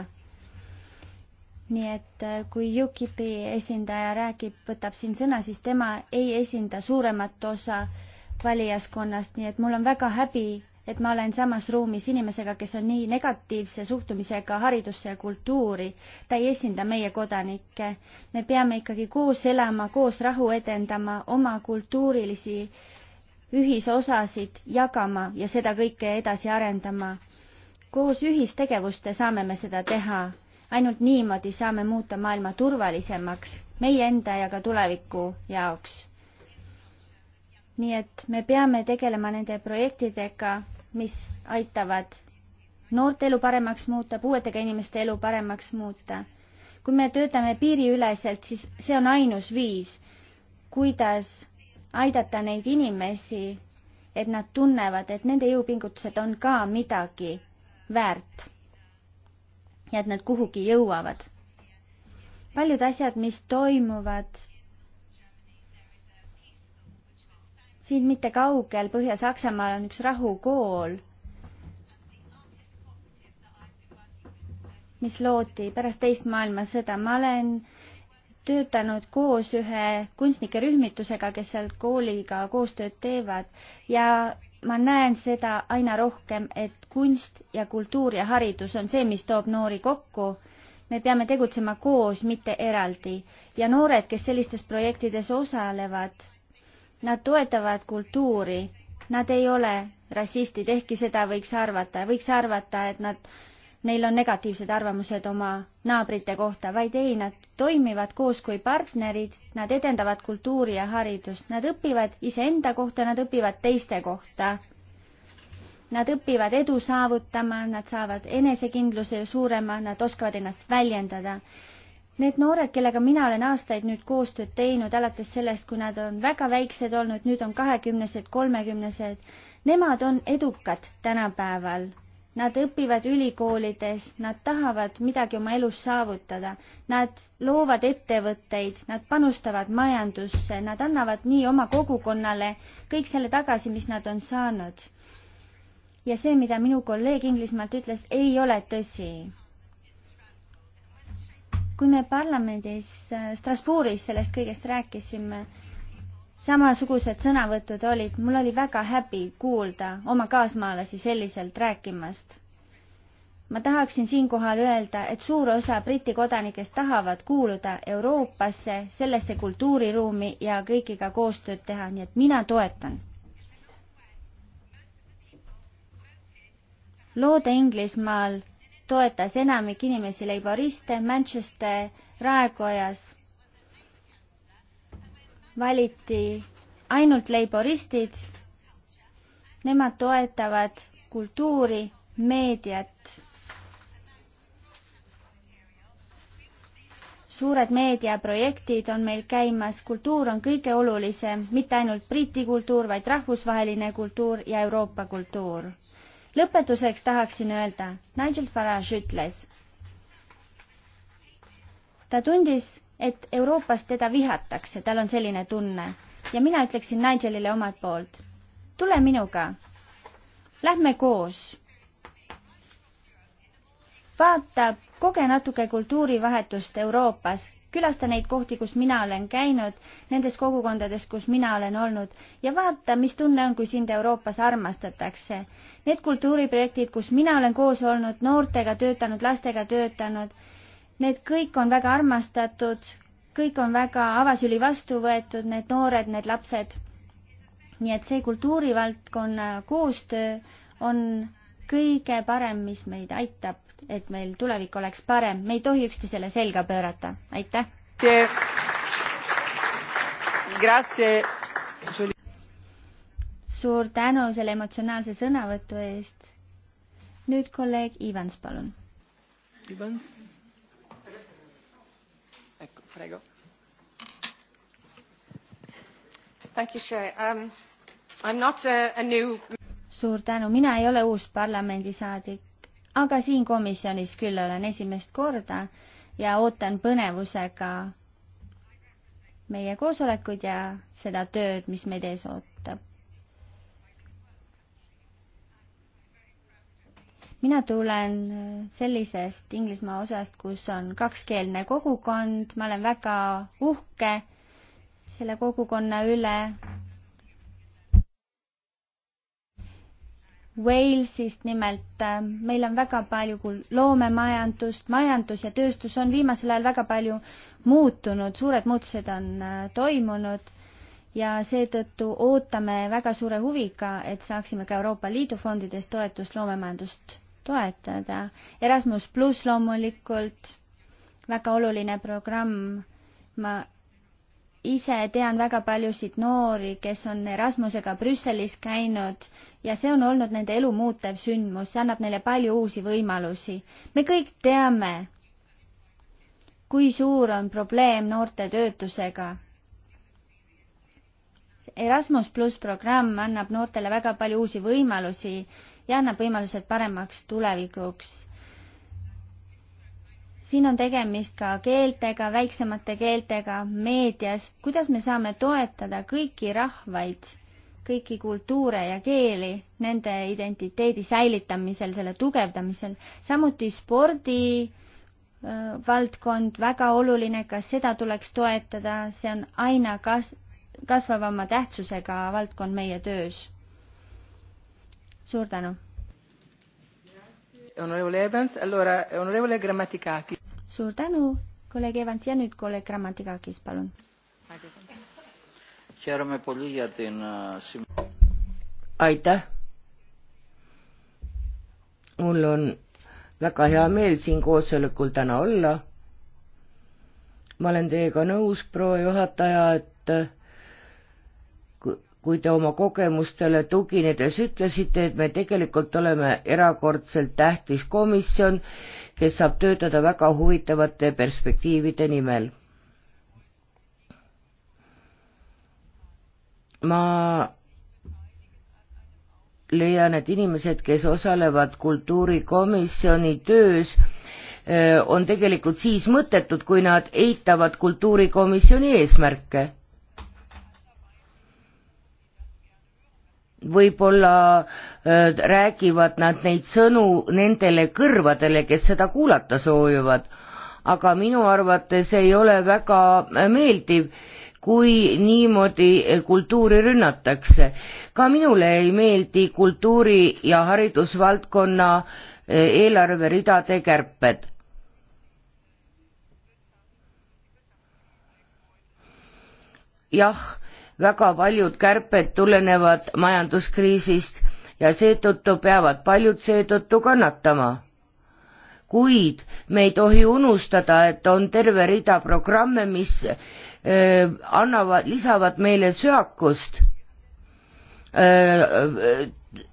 nii et äh, kui UKIP-i esindaja räägib, võtab siin sõna, siis tema ei esinda suuremat osa valijaskonnast, nii et mul on väga häbi, et ma olen samas ruumis inimesega, kes on nii negatiivse suhtumisega haridusse ja kultuuri. ta ei esinda meie kodanikke. me peame ikkagi koos elama, koos rahu edendama, oma kultuurilisi ühisosasid jagama ja seda kõike edasi arendama. koos ühistegevuste saame me seda teha. ainult niimoodi saame muuta maailma turvalisemaks meie enda ja ka tuleviku jaoks nii et me peame tegelema nende projektidega, mis aitavad noorte elu paremaks muuta, puuetega inimeste elu paremaks muuta. kui me töötame piiriüleselt, siis see on ainus viis, kuidas aidata neid inimesi, et nad tunnevad, et nende jõupingutused on ka midagi väärt. ja et nad kuhugi jõuavad. paljud asjad, mis toimuvad siin mitte kaugel Põhja-Saksamaal on üks rahukool, mis loodi pärast teist maailmasõda. ma olen töötanud koos ühe kunstnike rühmitusega, kes seal kooliga koostööd teevad ja ma näen seda aina rohkem, et kunst ja kultuur ja haridus on see, mis toob noori kokku. me peame tegutsema koos, mitte eraldi ja noored, kes sellistes projektides osalevad, Nad toetavad kultuuri, nad ei ole rassistid, ehkki seda võiks arvata, võiks arvata, et nad, neil on negatiivsed arvamused oma naabrite kohta, vaid ei, nad toimivad koos kui partnerid, nad edendavad kultuuri ja haridust, nad õpivad iseenda kohta, nad õpivad teiste kohta. Nad õpivad edu saavutama, nad saavad enesekindluse suurema, nad oskavad ennast väljendada Need noored, kellega mina olen aastaid nüüd koostööd teinud, alates sellest, kui nad on väga väiksed olnud, nüüd on kahekümnesed, kolmekümnesed, nemad on edukad tänapäeval. Nad õpivad ülikoolides, nad tahavad midagi oma elus saavutada, nad loovad ettevõtteid, nad panustavad majandusse, nad annavad nii oma kogukonnale kõik selle tagasi, mis nad on saanud. ja see, mida minu kolleeg Inglismaalt ütles, ei ole tõsi kui me parlamendis äh, Strasbourgis sellest kõigest rääkisime, samasugused sõnavõtud olid, mul oli väga häbi kuulda oma kaasmaalasi selliselt rääkimast. ma tahaksin siinkohal öelda, et suur osa Briti kodanikest tahavad kuuluda Euroopasse, sellesse kultuuriruumi ja kõigiga koostööd teha, nii et mina toetan. loode Inglismaal toetas enamik inimesi, leiboriste Manchester raekojas valiti ainult leiboristid. Nemad toetavad kultuuri, meediat. suured meediaprojektid on meil käimas, kultuur on kõige olulisem, mitte ainult Briti kultuur, vaid rahvusvaheline kultuur ja Euroopa kultuur lõpetuseks tahaksin öelda, Nigel Farage ütles, ta tundis, et Euroopas teda vihatakse, tal on selline tunne ja mina ütleksin Nigelile omalt poolt, tule minuga, lähme koos. vaata, koge natuke kultuurivahetust Euroopas, külasta neid kohti, kus mina olen käinud, nendes kogukondades, kus mina olen olnud ja vaata, mis tunne on, kui sind Euroopas armastatakse. Need kultuuriprojektid, kus mina olen koos olnud, noortega töötanud, lastega töötanud, need kõik on väga armastatud, kõik on väga avasüli vastu võetud, need noored, need lapsed. nii et see kultuurivaldkonna koostöö on kõige parem, mis meid aitab, et meil tulevik oleks parem, me ei tohi üksteisele selga pöörata, aitäh. suur tänu selle emotsionaalse sõnavõtu eest. nüüd kolleeg Ivans, palun. Ivans. praegu. Thank you, Chair. Um, I'm not a, a new suur tänu, mina ei ole uus parlamendisaadik, aga siin komisjonis küll olen esimest korda ja ootan põnevusega meie koosolekuid ja seda tööd, mis meid ees ootab. mina tulen sellisest Inglismaa osast, kus on kakskeelne kogukond, ma olen väga uhke selle kogukonna üle Walesist nimelt, äh, meil on väga palju loomemajandust, majandus ja tööstus on viimasel ajal väga palju muutunud, suured muutused on äh, toimunud ja seetõttu ootame väga suure huviga, et saaksime ka Euroopa Liidu fondidest toetust loomemajandust toetada. Erasmus pluss loomulikult, väga oluline programm, ma ise tean väga paljusid noori, kes on Erasmusega Brüsselis käinud ja see on olnud nende elu muutev sündmus, see annab neile palju uusi võimalusi. me kõik teame, kui suur on probleem noorte töötusega. Erasmus pluss programm annab noortele väga palju uusi võimalusi ja annab võimalused paremaks tulevikuks siin on tegemist ka keeltega, väiksemate keeltega, meedias, kuidas me saame toetada kõiki rahvaid, kõiki kultuure ja keeli nende identiteedi säilitamisel, selle tugevdamisel, samuti spordi äh, valdkond väga oluline, kas seda tuleks toetada, see on aina kas-, kasvavama tähtsusega valdkond meie töös. suur tänu! onorevole Evans. Allora, onorevole Grammaticakis suur tänu, kolleeg Evans ja nüüd kolleeg Grammatikakis, palun. aitäh. mul on väga hea meel siin koosolekul täna olla. ma olen teiega nõus, proua juhataja, et kui te oma kogemustele tuginedes ütlesite, et me tegelikult oleme erakordselt tähtis komisjon kes saab töötada väga huvitavate perspektiivide nimel. ma leian, et inimesed, kes osalevad kultuurikomisjoni töös, eh, on tegelikult siis mõttetud, kui nad eitavad kultuurikomisjoni eesmärke. võib-olla räägivad nad neid sõnu nendele kõrvadele, kes seda kuulata soovivad. aga minu arvates ei ole väga äh, meeldiv, kui niimoodi äh, kultuuri rünnatakse. ka minule ei meeldi kultuuri- ja haridusvaldkonna äh, eelarveridade kärped. jah väga paljud kärped tulenevad majanduskriisist ja seetõttu peavad paljud seetõttu kannatama. kuid me ei tohi unustada, et on terve rida programme, mis öö, annavad, lisavad meile söakust,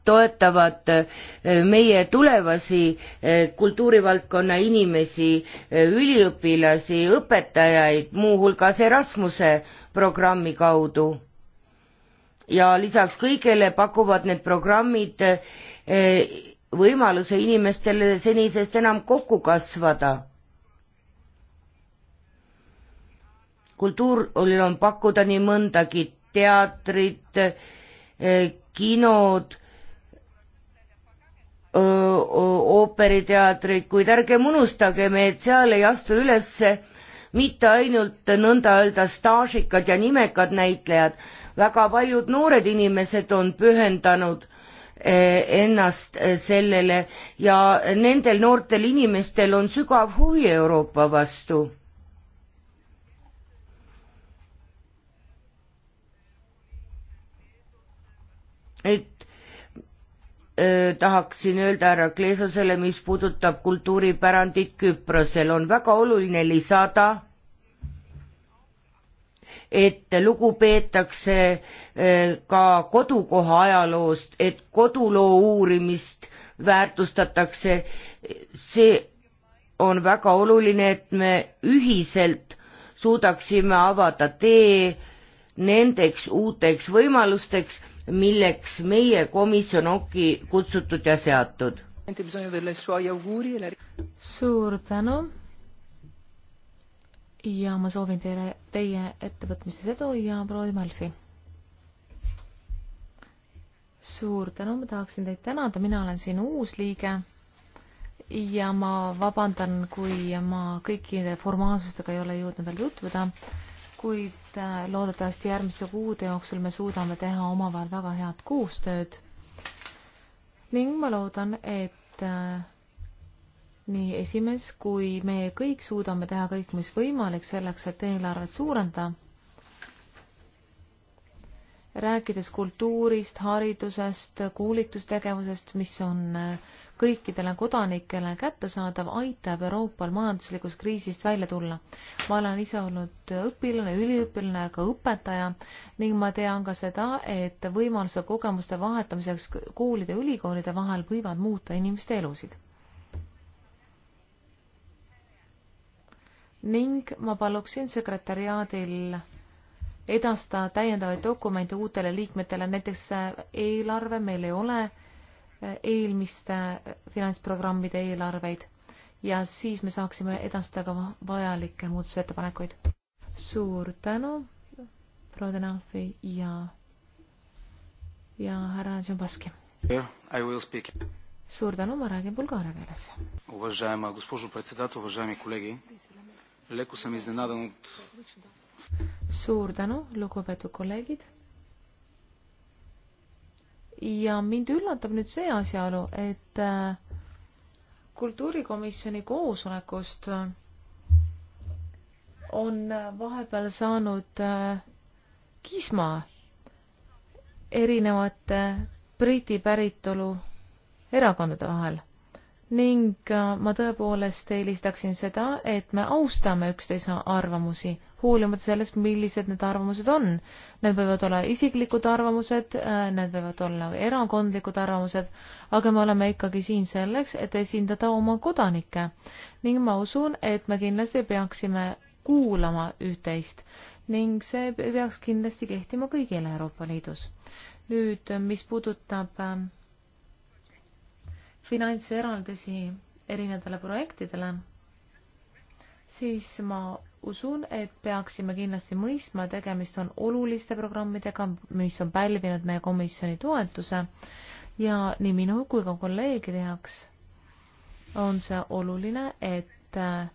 toetavad meie tulevasi kultuurivaldkonna inimesi, üliõpilasi, õpetajaid, muuhulgas Erasmuse programmi kaudu. ja lisaks kõigele pakuvad need programmid eh, võimaluse inimestele senisest enam kokku kasvada. kultuuril on pakkuda nii mõndagi, teatrid, eh, kinod ooperiteatrit, kuid ärgem unustagem, et seal ei astu ülesse mitte ainult nõnda öelda staažikad ja nimekad näitlejad, väga paljud noored inimesed on pühendanud eh, ennast eh, sellele ja nendel noortel inimestel on sügav huvi Euroopa vastu. et tahaksin öelda härra Kleesosele, mis puudutab kultuuripärandit Küprosel, on väga oluline lisada, et lugu peetakse ka kodukoha ajaloost, et koduloo uurimist väärtustatakse. see on väga oluline, et me ühiselt suudaksime avada tee nendeks uuteks võimalusteks milleks meie komisjon ongi kutsutud ja seatud. suur tänu ja ma soovin teile, teie ettevõtmises edu ja proovi Malfi. suur tänu, ma tahaksin teid tänada, mina olen siin uus liige ja ma vabandan, kui ma kõikide formaalsustega ei ole jõudnud veel tutvuda kuid äh, loodetavasti järgmiste kuude jooksul me suudame teha omavahel väga head koostööd ning ma loodan, et äh, nii esimees kui meie kõik suudame teha kõik, mis võimalik selleks, et eelarvet suurendada rääkides kultuurist, haridusest, kuulitustegevusest, mis on äh, kõikidele kodanikele kättesaadav, aitab Euroopal majanduslikust kriisist välja tulla. ma olen ise olnud õpilane, üliõpilane, ka õpetaja ning ma tean ka seda, et võimaluse kogemuste vahetamiseks koolide ja ülikoolide vahel võivad muuta inimeste elusid. ning ma paluksin sekretäriaadil edasta täiendavaid dokumente uutele liikmetele, näiteks äh, eelarve, meil ei ole äh, eelmiste äh, finantsprogrammide eelarveid ja siis me saaksime edastada ka vajalikke muudatusettepanekuid. suur tänu, proua Denalfi ja, ja härra Džambaski. jah, I will speak. suur tänu, ma räägin bulgaaria keeles. Уважаема госпожо председател, уважаеми колеги, леко съм изненадан от suur tänu, lugupeetud kolleegid. ja mind üllatab nüüd see asjaolu, et äh, kultuurikomisjoni koosolekust äh, on äh, vahepeal saanud kisma erinevate Briti päritolu erakondade vahel ning äh, ma tõepoolest eelistaksin seda, et me austame üksteise arvamusi, hoolimata sellest, millised need arvamused on. Need võivad olla isiklikud arvamused, äh, need võivad olla erakondlikud arvamused, aga me oleme ikkagi siin selleks, et esindada oma kodanikke ning ma usun, et me kindlasti peaksime kuulama üht-teist ning see peaks kindlasti kehtima kõigile Euroopa Liidus. nüüd, mis puudutab äh, finantseraldisi erinevatele projektidele, siis ma usun, et peaksime kindlasti mõistma, tegemist on oluliste programmidega, mis on pälvinud meie komisjoni toetuse ja nii minu kui ka kolleegide jaoks on see oluline, et äh,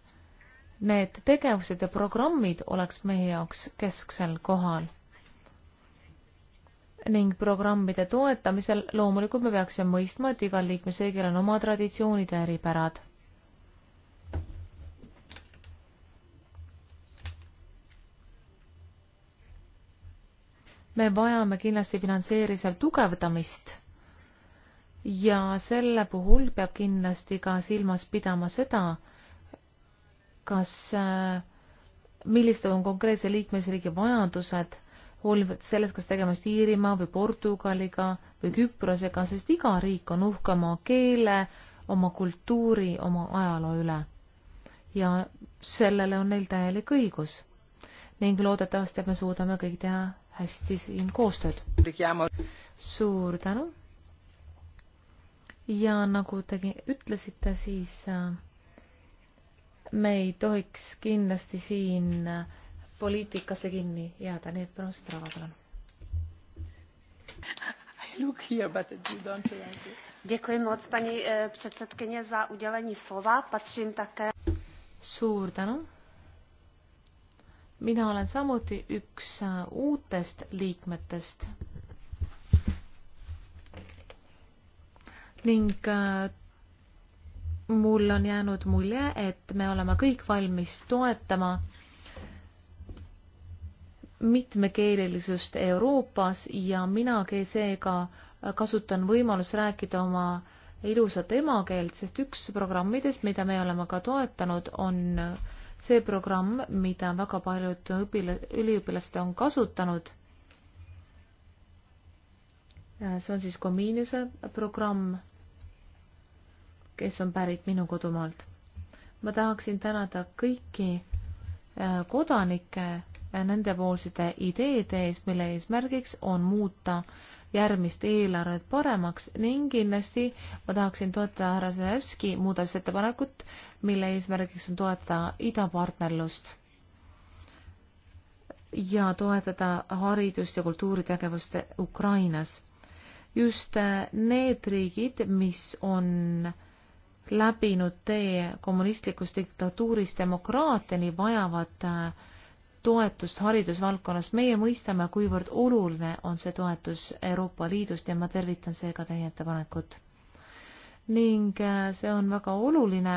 need tegevused ja programmid oleks meie jaoks kesksel kohal ning programmide toetamisel loomulikult me peaksime mõistma, et igal liikmesriigil on oma traditsioonid ja eripärad. me vajame kindlasti finantseerimisel tugevdamist ja selle puhul peab kindlasti ka silmas pidama seda, kas, äh, millised on konkreetse liikmesriigi vajadused hoolivalt sellest, kas tegemist Iirimaa või Portugaliga või Küprosega, sest iga riik on uhke oma keele, oma kultuuri, oma ajaloo üle. ja sellele on neil täielik õigus. ning loodetavasti me suudame kõik teha hästi siin koostööd. suur tänu. ja nagu te ütlesite, siis äh, me ei tohiks kindlasti siin äh, poliitikasse kinni jääda, nii et palun seda raha, palun. Look here, but you don't answer. Děkuji moc, paní eh, předsedkyně, za udělení slova. Patřím také. Suur tänu. Mina olen samuti üks äh, uutest liikmetest. Ning äh, mul on jäänud mulje, et me oleme kõik valmis toetama äh, mitmekeelelisust Euroopas ja minagi seega kasutan võimalust rääkida oma ilusat emakeelt, sest üks programmidest, mida me oleme ka toetanud, on see programm, mida väga paljud õpila-, üliõpilased on kasutanud. see on siis Comeniuse programm, kes on pärit minu kodumaalt. ma tahaksin tänada kõiki äh, kodanikke nendepoolsete ideede eest, mille eesmärgiks on muuta järgmist eelarvet paremaks ning kindlasti ma tahaksin toetada härra Zelevski muudatusettepanekut, mille eesmärgiks on toetada idapartnerlust ja toetada haridust ja kultuuritegevust Ukrainas. just äh, need riigid, mis on läbinud tee kommunistlikust diktatuurist demokraatiani, vajavad äh, toetust haridusvaldkonnas. meie mõistame, kuivõrd oluline on see toetus Euroopa Liidust ja ma tervitan seega teie ettepanekut. ning äh, see on väga oluline,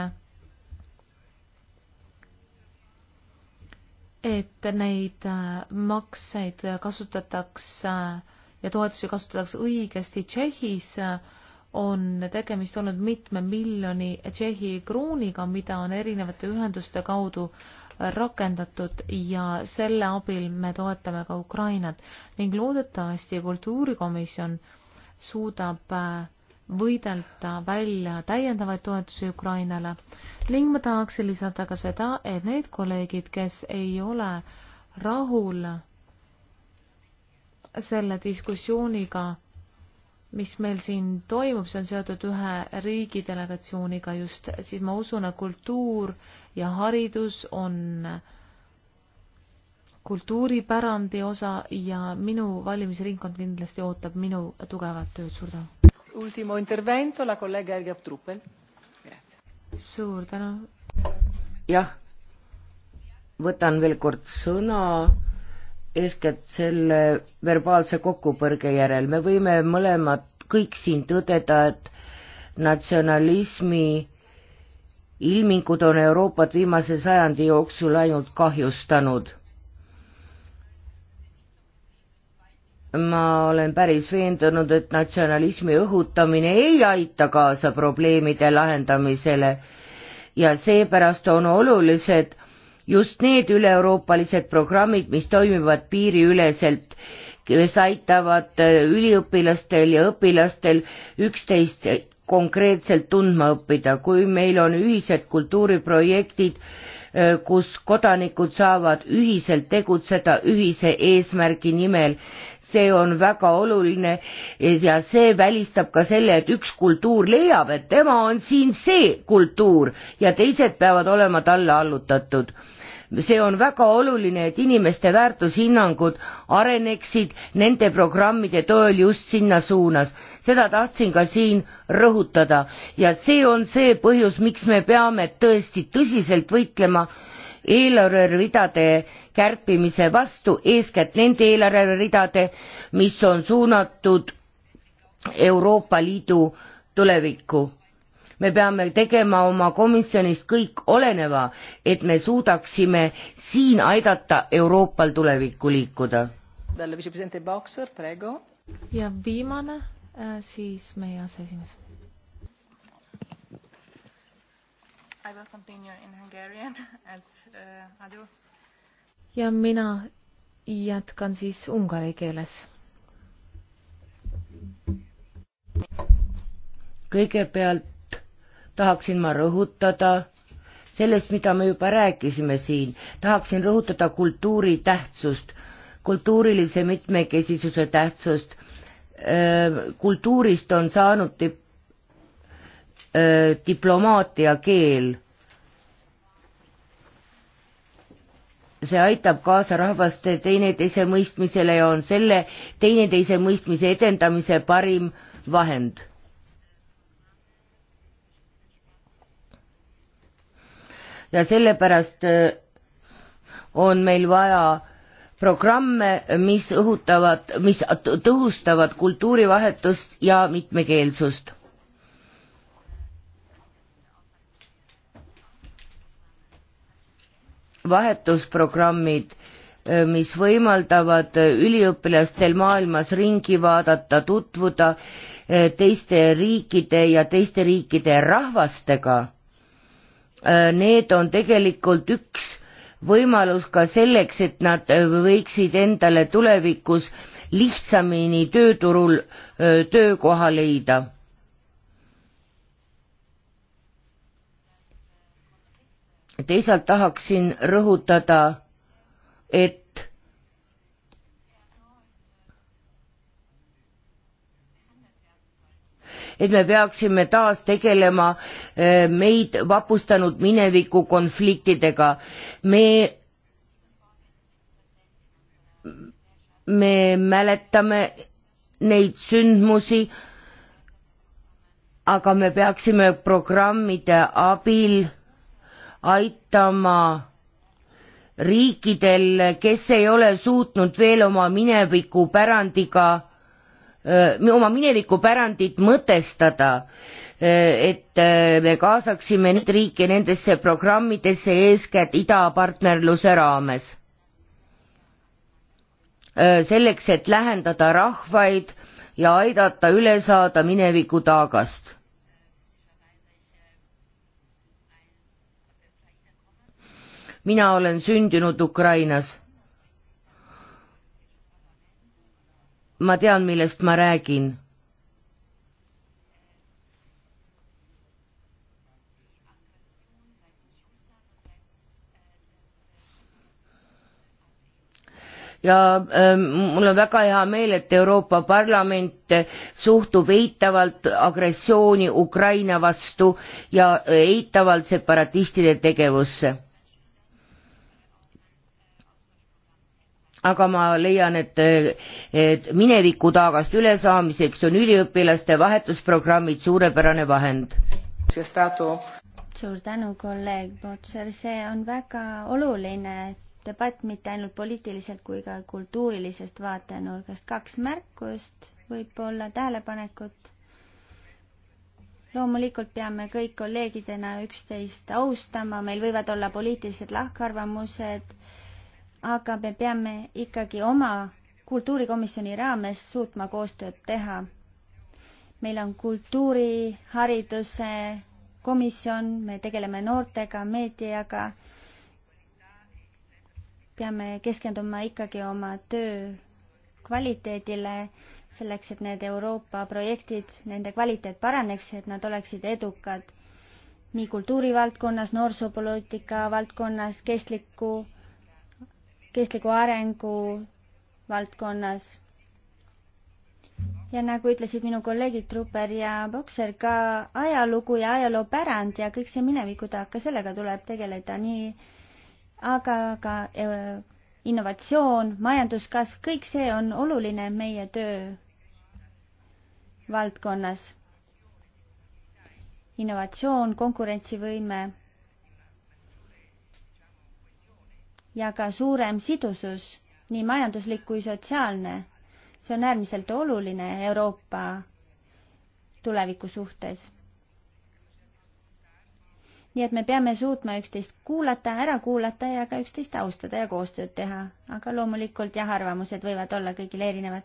et neid äh, makseid kasutatakse äh, ja toetusi kasutatakse õigesti Tšehhis on tegemist olnud mitme miljoni Tšehhi krooniga, mida on erinevate ühenduste kaudu rakendatud ja selle abil me toetame ka Ukrainat ning loodetavasti kultuurikomisjon suudab äh, võidelda välja täiendavaid toetusi Ukrainale ning ma tahaksin lisada ka seda, et need kolleegid, kes ei ole rahul selle diskussiooniga, mis meil siin toimub, see on seotud ühe riigi delegatsiooniga just, siis ma usun, et kultuur ja haridus on kultuuripärandi osa ja minu valimisringkond kindlasti ootab minu tugevat tööd, suur tänu. Ultimo intervento la kolleeg Helga Truppel. suur tänu. jah, võtan veel kord sõna eeskätt selle verbaalse kokkupõrge järel, me võime mõlemad kõik siin tõdeda, et natsionalismi ilmingud on Euroopat viimase sajandi jooksul ainult kahjustanud. ma olen päris veendunud, et natsionalismi õhutamine ei aita kaasa probleemide lahendamisele ja seepärast on olulised just need üle-euroopalised programmid, mis toimivad piiriüleselt, kes aitavad äh, üliõpilastel ja õpilastel üksteist konkreetselt tundma õppida, kui meil on ühised kultuuriprojektid, äh, kus kodanikud saavad ühiselt tegutseda ühise eesmärgi nimel. see on väga oluline ja see välistab ka selle, et üks kultuur leiab, et tema on siin see kultuur ja teised peavad olema talle allutatud see on väga oluline, et inimeste väärtushinnangud areneksid nende programmide toel just sinna suunas. seda tahtsin ka siin rõhutada ja see on see põhjus, miks me peame tõesti tõsiselt võitlema eelarveridade kärpimise vastu, eeskätt nende eelarveridade, mis on suunatud Euroopa Liidu tulevikku me peame tegema oma komisjonist kõik oleneva, et me suudaksime siin aidata Euroopal tulevikku liikuda. ja viimane äh, siis meie aseesimees. I will continue in Hungarian as uh, Adu. ja mina jätkan siis ungari keeles. kõigepealt tahaksin ma rõhutada sellest, mida me juba rääkisime siin, tahaksin rõhutada kultuuri tähtsust, kultuurilise mitmekesisuse tähtsust. kultuurist on saanud dip-, diplomaatia keel. see aitab kaasa rahvaste teineteise mõistmisele ja on selle teineteise mõistmise edendamise parim vahend ja sellepärast äh, on meil vaja programme, mis õhutavad, mis tõhustavad kultuurivahetust ja mitmekeelsust. vahetusprogrammid, äh, mis võimaldavad äh, üliõpilastel maailmas ringi vaadata, tutvuda teiste riikide ja teiste riikide rahvastega Äh, need on tegelikult üks võimalus ka selleks, et nad äh, võiksid endale tulevikus lihtsamini tööturul äh, töökoha leida. teisalt tahaksin rõhutada, et et me peaksime taas tegelema eh, meid vapustanud mineviku konfliktidega. me, me mäletame neid sündmusi, aga me peaksime programmide abil aitama riikidel, kes ei ole suutnud veel oma minevikupärandiga oma minevikupärandit mõtestada, et me kaasaksime neid riike nendesse programmidesse eeskätt idapartnerluse raames. selleks, et lähendada rahvaid ja aidata üle saada mineviku taagast. mina olen sündinud Ukrainas ma tean, millest ma räägin. ja ähm, mul on väga hea meel, et Euroopa Parlament suhtub eitavalt agressiooni Ukraina vastu ja eitavalt separatistide tegevusse aga ma leian, et, et mineviku taagast ülesaamiseks on üliõpilaste vahetusprogrammid suurepärane vahend. suur tänu, kolleeg Potser, see on väga oluline debatt mitte ainult poliitiliselt kui ka kultuurilisest vaatenurgast. kaks märkust, võib-olla tähelepanekut. loomulikult peame kõik kolleegidena üksteist austama, meil võivad olla poliitilised lahkarvamused aga me peame ikkagi oma kultuurikomisjoni raames suutma koostööd teha. meil on kultuuri, hariduse komisjon, me tegeleme noortega, meediaga. peame keskenduma ikkagi oma töö kvaliteedile, selleks et need Euroopa projektid, nende kvaliteet paraneks, et nad oleksid edukad nii kultuurivaldkonnas, noorsoopoliitika valdkonnas, kestliku kestliku arengu valdkonnas. ja nagu ütlesid minu kolleegid Trupper ja Bokser, ka ajalugu ja ajaloopärand ja kõik see minevikutahk, ka sellega tuleb tegeleda, nii aga ka äh, innovatsioon, majanduskasv, kõik see on oluline meie töö valdkonnas. innovatsioon, konkurentsivõime ja ka suurem sidusus, nii majanduslik kui sotsiaalne. see on äärmiselt oluline Euroopa tuleviku suhtes. nii et me peame suutma üksteist kuulata, ära kuulata ja ka üksteist austada ja koostööd teha, aga loomulikult jah, arvamused võivad olla kõigil erinevad.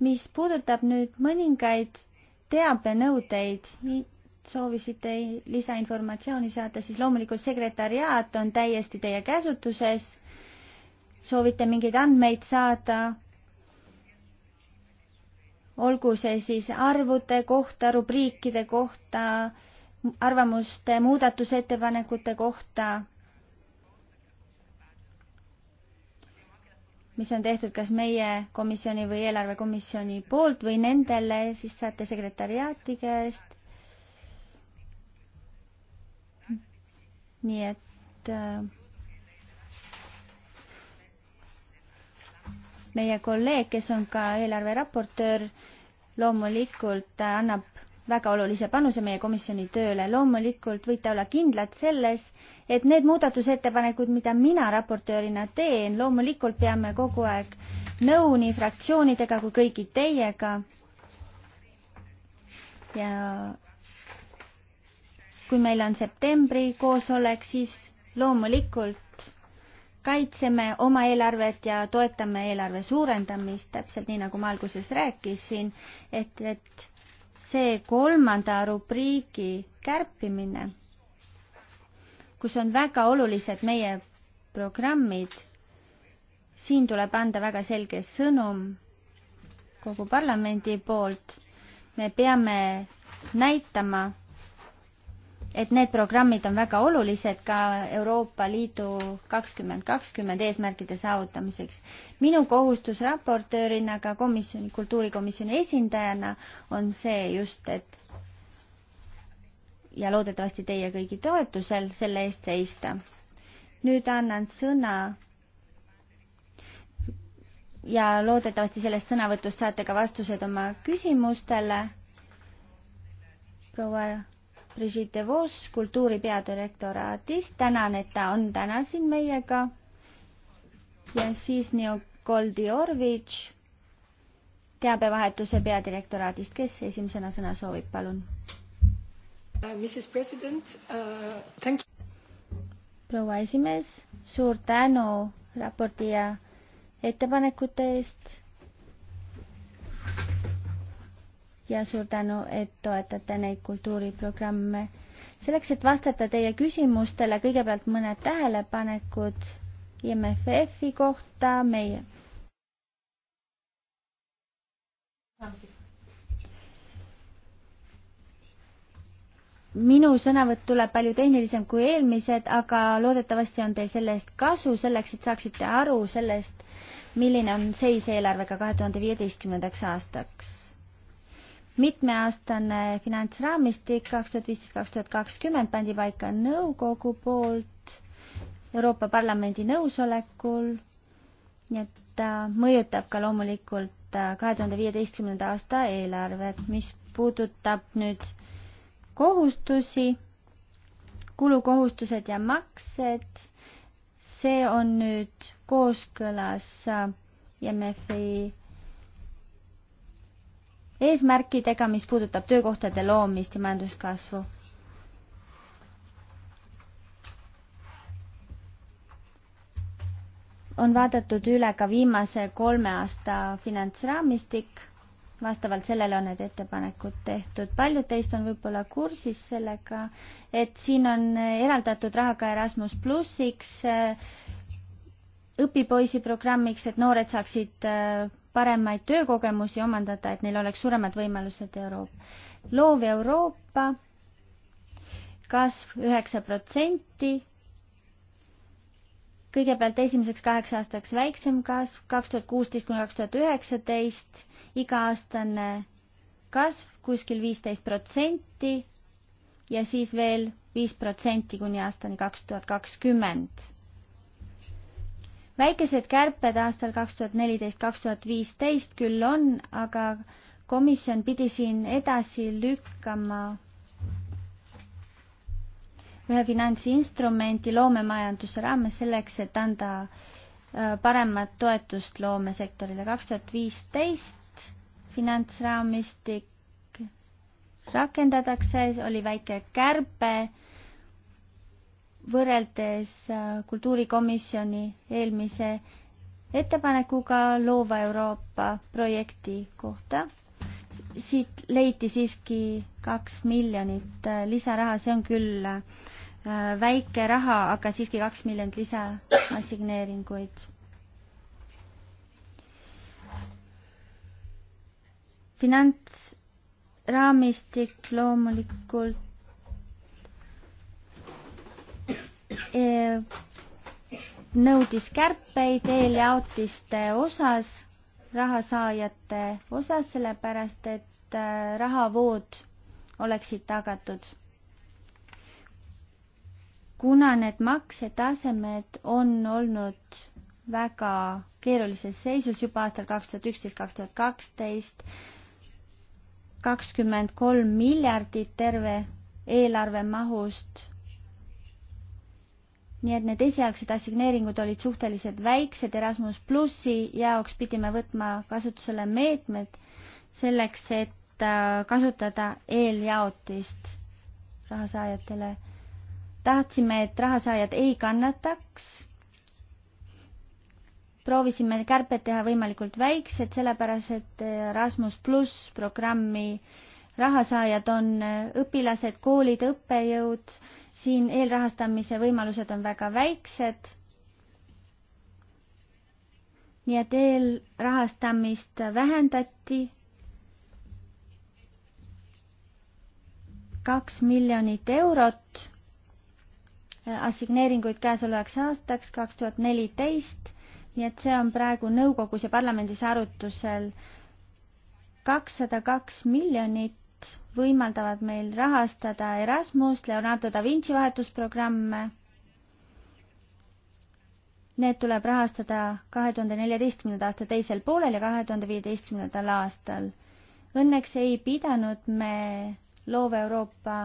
mis puudutab nüüd mõningaid teabenõudeid, soovisite lisainformatsiooni saada, siis loomulikult sekretariaat on täiesti teie käsutuses soovite mingeid andmeid saada, olgu see siis arvude kohta, rubriikide kohta, arvamuste muudatusettepanekute kohta, mis on tehtud kas meie komisjoni või eelarvekomisjoni poolt või nendele, siis saate sekretäriaati käest. nii et äh, meie kolleeg, kes on ka eelarve raportöör, loomulikult annab väga olulise panuse meie komisjoni tööle. loomulikult võite olla kindlad selles, et need muudatusettepanekud, mida mina raportöörina teen, loomulikult peame kogu aeg nõu nii fraktsioonidega kui kõigi teiega. ja kui meil on septembri koosolek, siis loomulikult kaitseme oma eelarvet ja toetame eelarve suurendamist, täpselt nii, nagu ma alguses rääkisin, et, et see kolmanda rubriigi kärpimine, kus on väga olulised meie programmid, siin tuleb anda väga selge sõnum kogu parlamendi poolt, me peame näitama, et need programmid on väga olulised ka Euroopa Liidu kakskümmend kakskümmend eesmärkide saavutamiseks. minu kohustus raportöörina, ka komisjoni, kultuurikomisjoni esindajana on see just, et ja loodetavasti teie kõigi toetusel selle eest seista. nüüd annan sõna ja loodetavasti sellest sõnavõtust saate ka vastused oma küsimustele. proua Brigitte Vos kultuuri peadirektoraadist. tänan, et ta on täna siin meiega. ja siis Niokoldi Orvitš teabevahetuse peadirektoraadist, kes esimesena sõna soovib, palun uh,. uh proua esimees, suur tänu raporti ja ettepanekute eest ja suur tänu, et toetate neid kultuuriprogramme. selleks, et vastata teie küsimustele, kõigepealt mõned tähelepanekud IMFF-i kohta meie. minu sõnavõtt tuleb palju tehnilisem kui eelmised, aga loodetavasti on teil selle eest kasu, selleks et saaksite aru sellest, milline on seis eelarvega kahe tuhande viieteistkümnendaks aastaks mitmeaastane finantsraamistik kaks tuhat viisteist, kaks tuhat kakskümmend pandi paika nõukogu poolt Euroopa Parlamendi nõusolekul. nii et ta mõjutab ka loomulikult äh, kahe tuhande viieteistkümnenda aasta eelarvet, mis puudutab nüüd kohustusi, kulukohustused ja maksed. see on nüüd kooskõlas IMF-i äh, eesmärkidega, mis puudutab töökohtade loomist ja majanduskasvu. on vaadatud üle ka viimase kolme aasta finantsraamistik, vastavalt sellele on need ettepanekud tehtud. paljud teist on võib-olla kursis sellega, et siin on eraldatud raha ka Erasmus plussiks, õpipoisi programmiks, et noored saaksid äh, paremaid töökogemusi omandada, et neil oleks suuremad võimalused Euroopa. loov Euroopa kasv üheksa protsenti, kõigepealt esimeseks kaheks aastaks väiksem kasv, kaks tuhat kuusteist kuni kaks tuhat üheksateist iga-aastane kasv kuskil viisteist protsenti ja siis veel viis protsenti kuni aastani kaks tuhat kakskümmend väikesed kärped aastal kaks tuhat neliteist, kaks tuhat viisteist küll on, aga komisjon pidi siin edasi lükkama ühe finantsinstrumenti loomemajanduse raames selleks, et anda äh, paremat toetust loomesektorile. kaks tuhat viisteist finantsraamistik rakendatakse, oli väike kärbe võrreldes äh, kultuurikomisjoni eelmise ettepanekuga Loova Euroopa projekti kohta. siit leiti siiski kaks miljonit äh, lisaraha, see on küll äh, väike raha, aga siiski kaks miljonit lisa assigneeringuid finantsraamistik loomulikult Äh, nõudis kärpeid eeljaotiste osas, rahasaajate osas, sellepärast et äh, rahavood oleksid tagatud. kuna need maksetasemed on olnud väga keerulises seisus juba aastal kaks tuhat üksteist, kaks tuhat kaksteist, kakskümmend kolm miljardit terve eelarve mahust nii et need esialgsed assigneeringud olid suhteliselt väiksed, Erasmus plussi jaoks pidime võtma kasutusele meetmed selleks, et äh, kasutada eeljaotist rahasaajatele. tahtsime, et rahasaajad ei kannataks. proovisime kärped teha võimalikult väiksed, sellepärast et Erasmus pluss programmi rahasaajad on äh, õpilased, koolid, õppejõud siin eelrahastamise võimalused on väga väiksed. nii et eelrahastamist vähendati kaks miljonit eurot äh, assigneeringuid käesolevaks aastaks kaks tuhat neliteist, nii et see on praegu nõukogus ja parlamendis arutusel kakssada kaks miljonit võimaldavad meil rahastada Erasmus, Leonardo da Vinci vahetusprogramme. Need tuleb rahastada kahe tuhande neljateistkümnenda aasta teisel poolel ja kahe tuhande viieteistkümnendal aastal. Õnneks ei pidanud me Loov Euroopa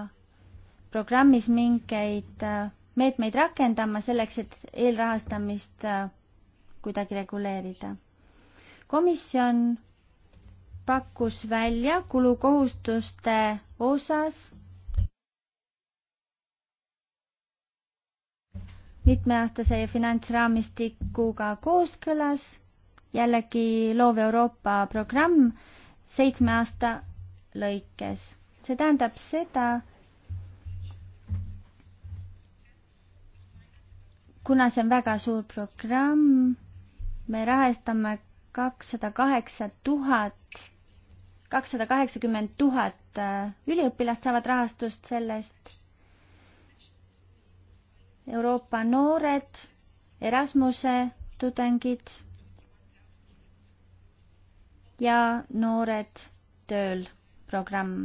programmis mingeid äh, meetmeid rakendama selleks, et eelrahastamist äh, kuidagi reguleerida. komisjon pakkus välja kulukohustuste osas mitmeaastase finantsraamistikuga kooskõlas jällegi Loov Euroopa programm seitsme aasta lõikes. see tähendab seda, kuna see on väga suur programm, me rahastame kakssada kaheksa tuhat, kakssada kaheksakümmend tuhat äh, üliõpilast saavad rahastust sellest. Euroopa noored, Erasmuse tudengid ja Noored tööl programm.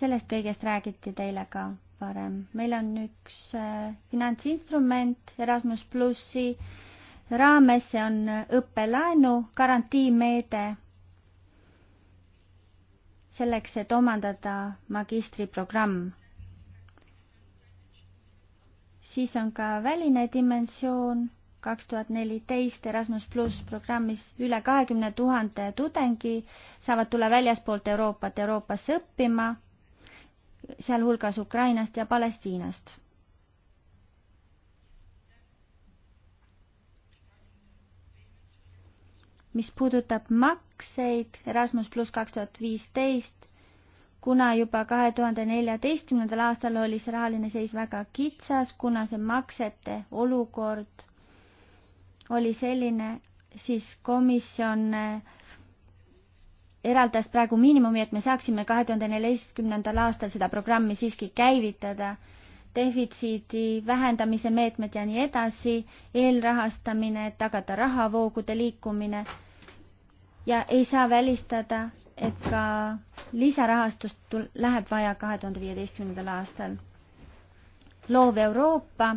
sellest kõigest räägiti teile ka varem. meil on üks äh, finantsinstrument Erasmus plussi äh, raames, see on õppelaenu garantiimeede selleks, et omandada magistriprogramm. siis on ka väline dimensioon, kaks tuhat neliteist Erasmus pluss programmis üle kahekümne tuhande tudengi saavad tulla väljaspoolt Euroopat Euroopasse õppima, sealhulgas Ukrainast ja Palestiinast mis puudutab makseid Erasmus pluss kaks tuhat viisteist, kuna juba kahe tuhande neljateistkümnendal aastal oli see rahaline seis väga kitsas, kuna see maksete olukord oli selline, siis komisjon eh, eraldas praegu miinimumi, et me saaksime kahe tuhande neljateistkümnendal aastal seda programmi siiski käivitada defitsiidi vähendamise meetmed ja nii edasi, eelrahastamine, et tagada rahavoogude liikumine ja ei saa välistada, et ka lisarahastust läheb vaja kahe tuhande viieteistkümnendal aastal. loov Euroopa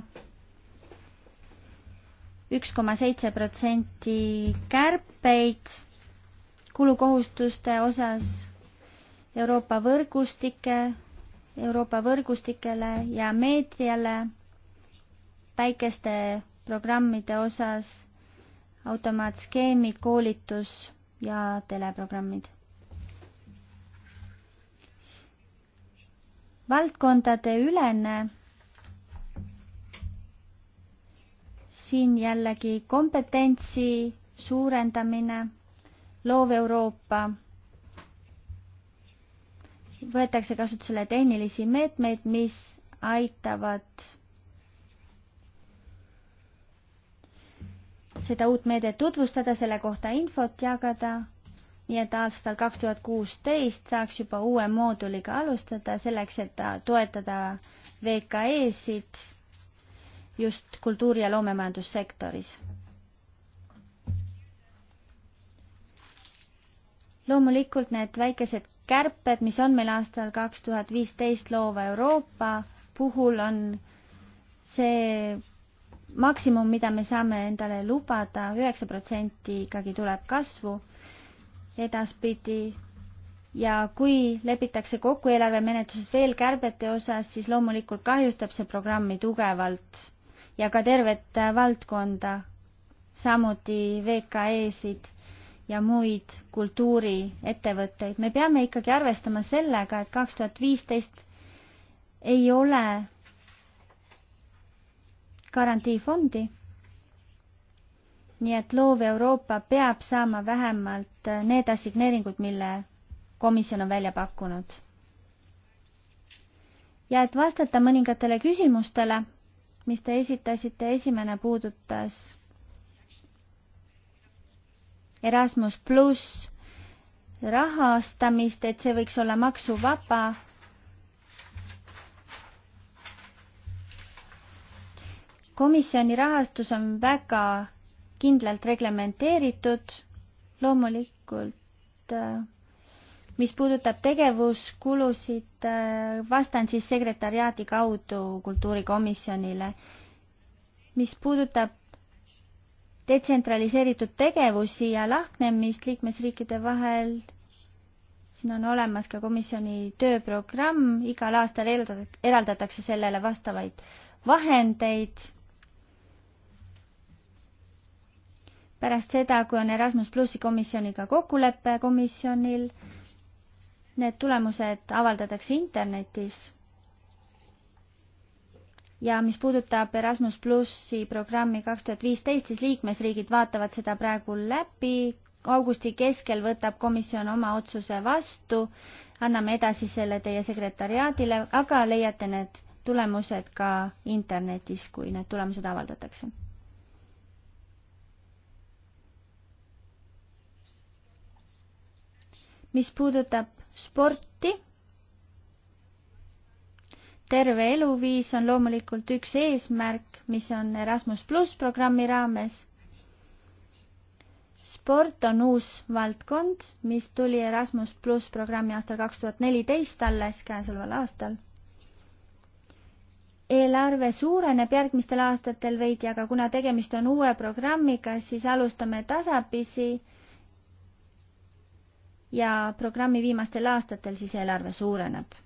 üks koma seitse protsenti kärpeid kulukohustuste osas Euroopa võrgustike Euroopa võrgustikele ja meediale, väikeste programmide osas automaatskeemid, koolitus ja teleprogrammid. valdkondade ülene siin jällegi kompetentsi suurendamine, loov Euroopa võetakse kasutusele tehnilisi meetmeid, mis aitavad seda uut meedet tutvustada, selle kohta infot jagada, nii et aastal kaks tuhat kuusteist saaks juba uue mooduliga alustada selleks, et toetada VKE-sid just kultuuri- ja loomemajandussektoris. loomulikult need väikesed kärped, mis on meil aastal kaks tuhat viisteist loova Euroopa puhul, on see maksimum, mida me saame endale lubada, üheksa protsenti ikkagi tuleb kasvu edaspidi. ja kui lepitakse kokku eelarvemenetluses veel kärbete osas, siis loomulikult kahjustab see programmi tugevalt ja ka tervet valdkonda, samuti VKE-sid ja muid kultuuriettevõtteid. me peame ikkagi arvestama sellega, et kaks tuhat viisteist ei ole garantiifondi. nii et loov Euroopa peab saama vähemalt need assigneeringud, mille komisjon on välja pakkunud. ja et vastata mõningatele küsimustele, mis te esitasite, esimene puudutas Erasmus pluss rahastamist, et see võiks olla maksuvaba. komisjoni rahastus on väga kindlalt reglementeeritud, loomulikult äh, mis puudutab tegevuskulusid, äh, vastan siis sekretariaadi kaudu kultuurikomisjonile. mis puudutab detsentraliseeritud tegevusi ja lahknemist liikmesriikide vahel. siin on olemas ka komisjoni tööprogramm, igal aastal eraldatakse sellele vastavaid vahendeid. pärast seda, kui on Erasmus plussi komisjoniga kokkulepe komisjonil, need tulemused avaldatakse internetis ja mis puudutab Erasmus plussi programmi kaks tuhat viisteist, siis liikmesriigid vaatavad seda praegu läbi. augusti keskel võtab komisjon oma otsuse vastu, anname edasi selle teie sekretariaadile, aga leiate need tulemused ka internetis, kui need tulemused avaldatakse. mis puudutab sporti terve eluviis on loomulikult üks eesmärk, mis on Erasmus pluss programmi raames. sport on uus valdkond, mis tuli Erasmus pluss programmi aastal kaks tuhat neliteist alles käesoleval aastal. eelarve suureneb järgmistel aastatel veidi, aga kuna tegemist on uue programmiga, siis alustame tasapisi ja programmi viimastel aastatel siis eelarve suureneb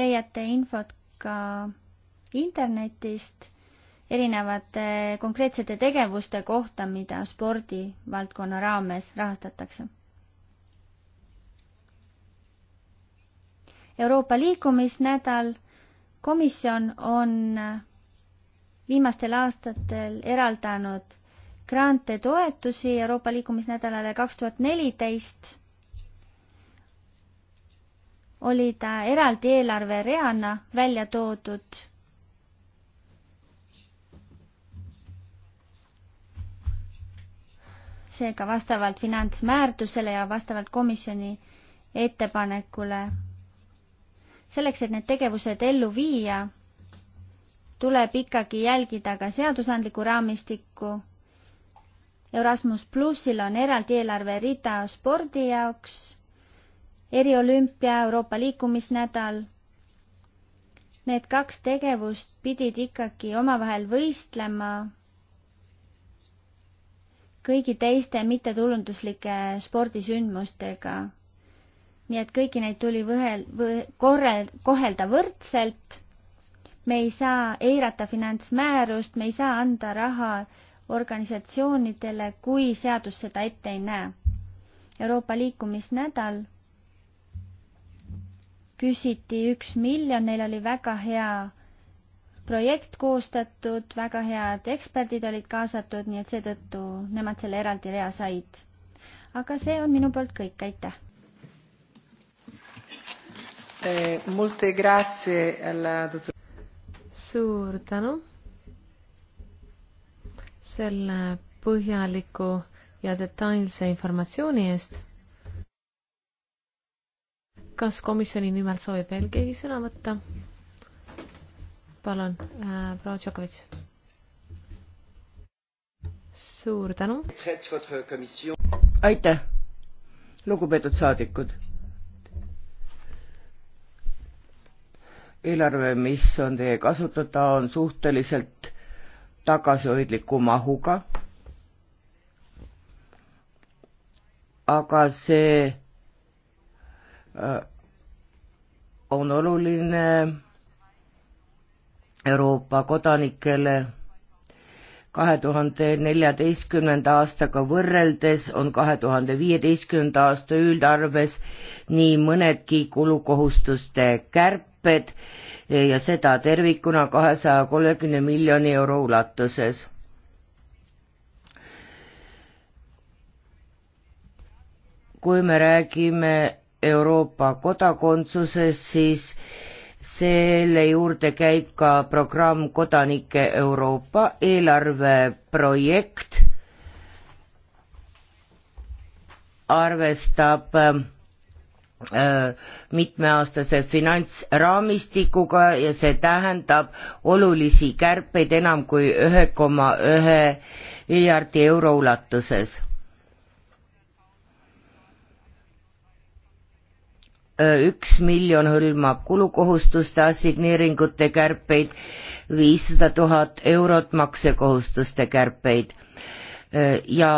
leiate infot ka internetist erinevate konkreetsete tegevuste kohta, mida spordivaldkonna raames rahastatakse. Euroopa liikumisnädal, komisjon on viimastel aastatel eraldanud grante toetusi Euroopa liikumisnädalale kaks tuhat neliteist oli ta eraldi eelarvereana välja toodud. seega vastavalt finantsmäärdusele ja vastavalt komisjoni ettepanekule. selleks, et need tegevused ellu viia, tuleb ikkagi jälgida ka seadusandlikku raamistikku. Erasmus plussil on eraldi eelarverida spordi jaoks eriolümpia, Euroopa liikumisnädal. Need kaks tegevust pidid ikkagi omavahel võistlema kõigi teiste mittetulunduslike spordisündmustega. nii et kõiki neid tuli võhel- või korrel-, kohelda võrdselt. me ei saa eirata finantsmäärust, me ei saa anda raha organisatsioonidele, kui seadus seda ette ei näe. Euroopa liikumisnädal küsiti üks miljon, neil oli väga hea projekt koostatud, väga head eksperdid olid kaasatud, nii et seetõttu nemad selle eraldi rea said. aga see on minu poolt kõik, aitäh eh,. Molte grazie alla dottor. suur tänu selle põhjaliku ja detailse informatsiooni eest kas komisjoni nimel soovib veel keegi sõna võtta? palun äh,, proua Tšokovitš. suur tänu. aitäh, lugupeetud saadikud. eelarve, mis on teie kasutada, on suhteliselt tagasihoidliku mahuga. aga see Äh, on oluline Euroopa kodanikele kahe tuhande neljateistkümnenda aastaga võrreldes on kahe tuhande viieteistkümnenda aasta üldarves nii mõnedki kulukohustuste kärped ja seda tervikuna kahesaja kolmekümne miljoni euro ulatuses. kui me räägime Euroopa kodakondsuses, siis selle juurde käib ka programm Kodanike Euroopa eelarveprojekt, arvestab äh, mitmeaastase finantsraamistikuga ja see tähendab olulisi kärpeid enam kui ühe koma ühe miljardi euro ulatuses Äh, üks miljon hõlmab kulukohustuste assigneeringute kärpeid, viissada tuhat eurot maksekohustuste kärpeid. Äh, ja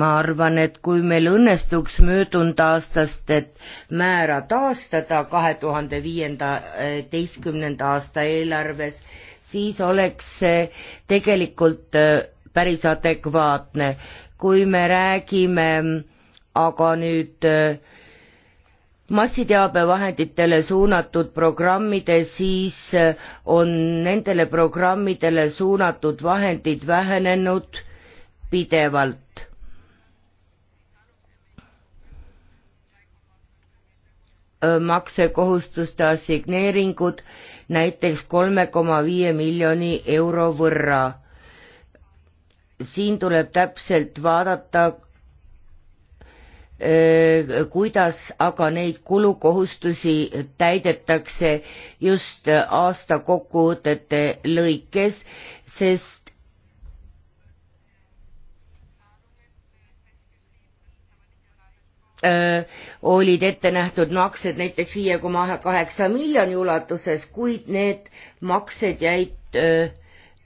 ma arvan, et kui meil õnnestuks möödunud aastast, et määra taastada kahe tuhande viienda, teistkümnenda aasta eelarves, siis oleks see tegelikult äh, päris adekvaatne. kui me räägime aga nüüd äh, massiteabevahenditele suunatud programmide, siis äh, on nendele programmidele suunatud vahendid vähenenud pidevalt. Äh, maksekohustuste assigneeringud näiteks kolme koma viie miljoni euro võrra. siin tuleb täpselt vaadata kuidas aga neid kulukohustusi täidetakse just aasta kokkuvõtete lõikes, sest Öö, olid ette nähtud maksed näiteks viie koma kaheksa miljoni ulatuses, kuid need maksed jäid öö,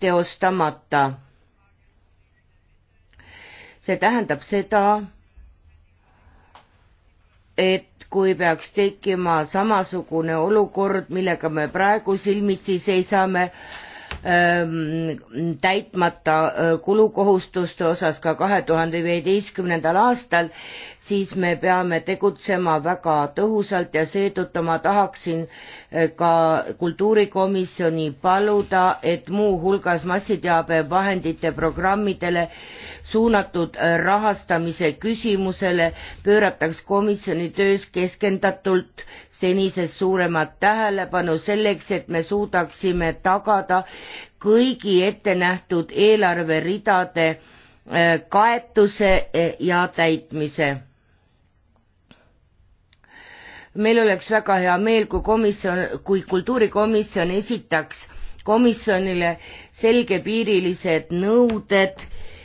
teostamata. see tähendab seda, et kui peaks tekkima samasugune olukord, millega me praegu silmitsi seisame, ähm, täitmata äh, kulukohustuste osas ka kahe tuhande viieteistkümnendal aastal siis me peame tegutsema väga tõhusalt ja seetõttu ma tahaksin eh, ka kultuurikomisjoni paluda, et muuhulgas massiteabevahendite programmidele suunatud eh, rahastamise küsimusele pöörataks komisjoni töös keskendatult senisest suuremat tähelepanu selleks, et me suudaksime tagada kõigi ettenähtud eelarveridade eh, kaetuse ja täitmise meil oleks väga hea meel, kui komisjon, kui kultuurikomisjon esitaks komisjonile selgepiirilised nõuded,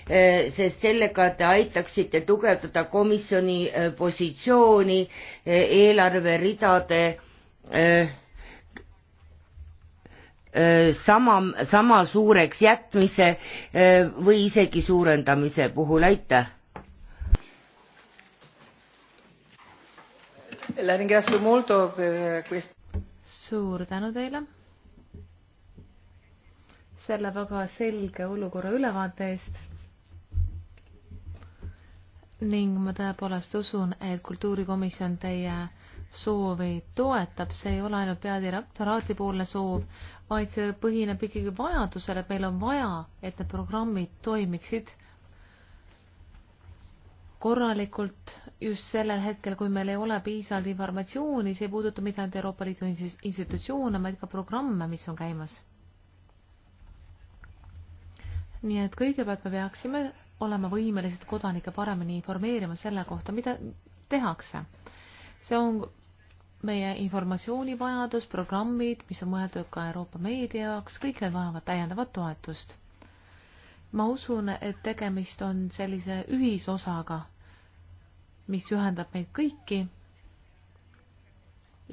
eh, sest sellega te aitaksite tugevdada komisjoni eh, positsiooni eh, eelarveridade sama, sama suureks jätmise või isegi suurendamise puhul, aitäh! suur tänu teile selle väga selge olukorra ülevaate eest ning ma tõepoolest usun, et kultuurikomisjon teie soovi toetab, see ei ole ainult peadirektoraati poolne soov, vaid see põhineb ikkagi vajadusel, et meil on vaja, et need programmid toimiksid korralikult just sellel hetkel, kui meil ei ole piisavalt informatsiooni, see ei puuduta mitte ainult Euroopa Liidu institutsioone, vaid ka programme, mis on käimas. nii et kõigepealt me peaksime olema võimelised kodanikke paremini informeerima selle kohta, mida tehakse. see on meie informatsioonivajadus, programmid, mis on mõeldud ka Euroopa meedia jaoks, kõik need vajavad täiendavat toetust. ma usun, et tegemist on sellise ühisosaga mis ühendab meid kõiki.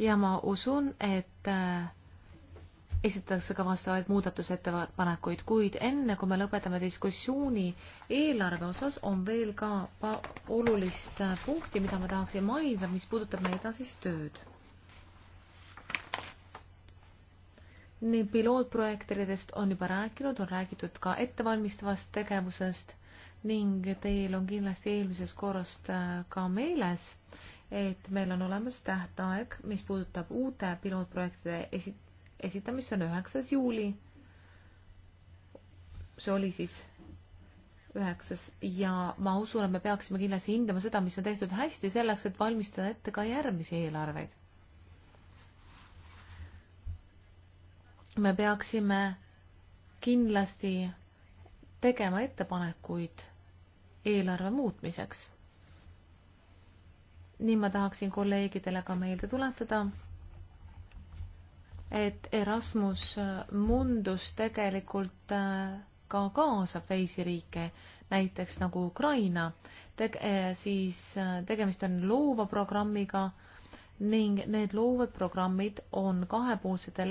ja ma usun, et äh, esitatakse ka vastavaid muudatusettepanekuid, kuid enne, kui me lõpetame diskussiooni eelarve osas, on veel ka olulist äh, punkti, mida ma tahaksin mainida, mis puudutab meie edasist tööd. nii pilootprojektidest on juba rääkinud, on räägitud ka ettevalmistavast tegevusest ning teil on kindlasti eelmisest korrast äh, ka meeles, et meil on olemas tähtaeg, mis puudutab uute pilootprojektide esi-, esitamist, see on üheksas juuli. see oli siis üheksas ja ma usun, et me peaksime kindlasti hindama seda, mis on tehtud hästi, selleks, et valmistada ette ka järgmisi eelarveid. me peaksime kindlasti tegema ettepanekuid eelarve muutmiseks. nii ma tahaksin kolleegidele ka meelde tuletada, et Erasmus Mundus tegelikult äh, ka kaasab teisi riike, näiteks nagu Ukraina, äh, siis äh, tegemist on loova programmiga ning need loovad programmid on kahepoolsete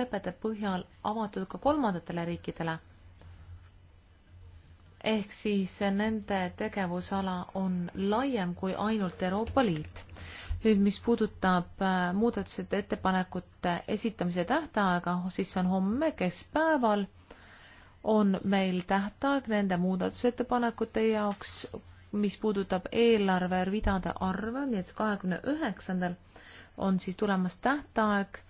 lepete põhjal avatud ka kolmandatele riikidele ehk siis nende tegevusala on laiem kui ainult Euroopa Liit. nüüd, mis puudutab äh, muudatusete ettepanekute esitamise tähtaega, siis see on homme keskpäeval, on meil tähtaeg nende muudatusettepanekute jaoks, mis puudutab eelarveridade arve, nii et kahekümne üheksandal on siis tulemas tähtaeg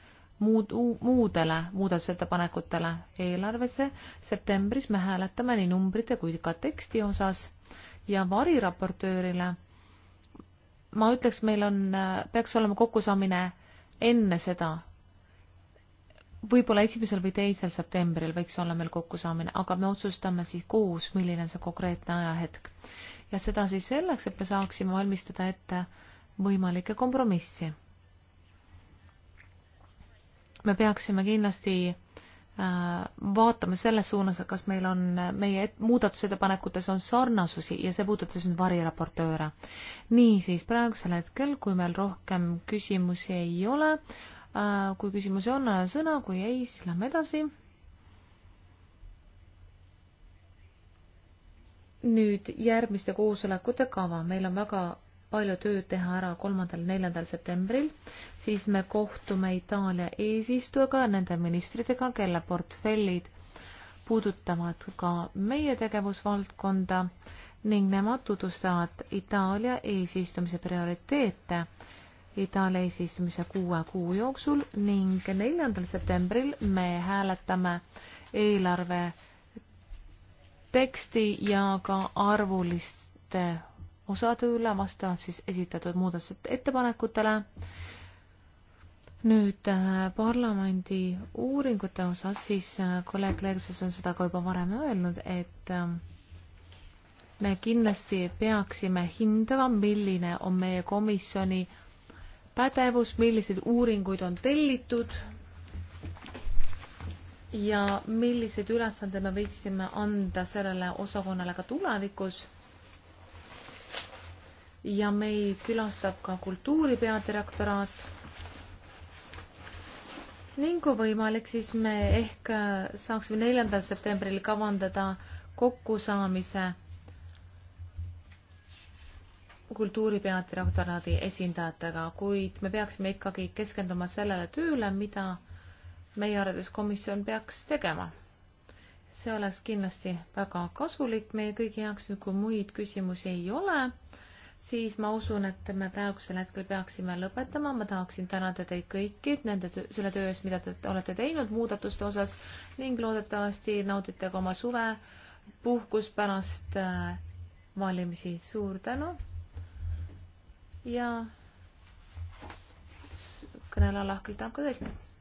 muud, muudele muudatusettepanekutele eelarvesse. septembris me hääletame nii numbrite kui ka teksti osas ja variraportöörile ma ütleks, meil on, peaks olema kokkusaamine enne seda. võib-olla esimesel või teisel septembril võiks olla meil kokkusaamine, aga me otsustame siis koos, milline on see konkreetne ajahetk. ja seda siis selleks, et me saaksime valmistada ette võimalikke kompromissi me peaksime kindlasti äh, vaatame selles suunas, kas meil on, meie muudatusettepanekutes on sarnasusi ja see puudutas nüüd variraportööre. niisiis, praegusel hetkel, kui meil rohkem küsimusi ei ole, äh, kui küsimusi on, annan äh, sõna, kui ei, siis lähme edasi. nüüd järgmiste koosolekute kava, meil on väga palju tööd teha ära kolmandal-neljandal septembril, siis me kohtume Itaalia eesistujaga, nende ministritega, kelle portfellid puudutavad ka meie tegevusvaldkonda ning nemad tutvustavad Itaalia eesistumise prioriteete Itaalia eesistumise kuue kuu jooksul ning neljandal septembril me hääletame eelarve teksti ja ka arvuliste osade üle vastavalt siis esitatud muudatusettepanekutele. nüüd äh, parlamendi uuringute osas siis äh, kolleeg Lerses on seda ka juba varem öelnud, et äh, me kindlasti peaksime hindama, milline on meie komisjoni pädevus, milliseid uuringuid on tellitud ja milliseid ülesandeid me võiksime anda sellele osakonnale ka tulevikus ja meid külastab ka kultuuri peadirektoraat ning kui võimalik, siis me ehk saaksime neljandal septembril kavandada kokkusaamise kultuuri peadirektoraadi esindajatega, kuid me peaksime ikkagi keskenduma sellele tööle, mida meie hariduskomisjon peaks tegema see oleks kindlasti väga kasulik meie kõigi jaoks, kui muid küsimusi ei ole, siis ma usun, et me praegusel hetkel peaksime lõpetama. ma tahaksin tänada teid kõiki nende, selle töö eest, mida te olete teinud muudatuste osas ning loodetavasti naudite ka oma suve puhkust pärast äh, valimisi. suur tänu ja kõneleja lahkelt tänab ka teid.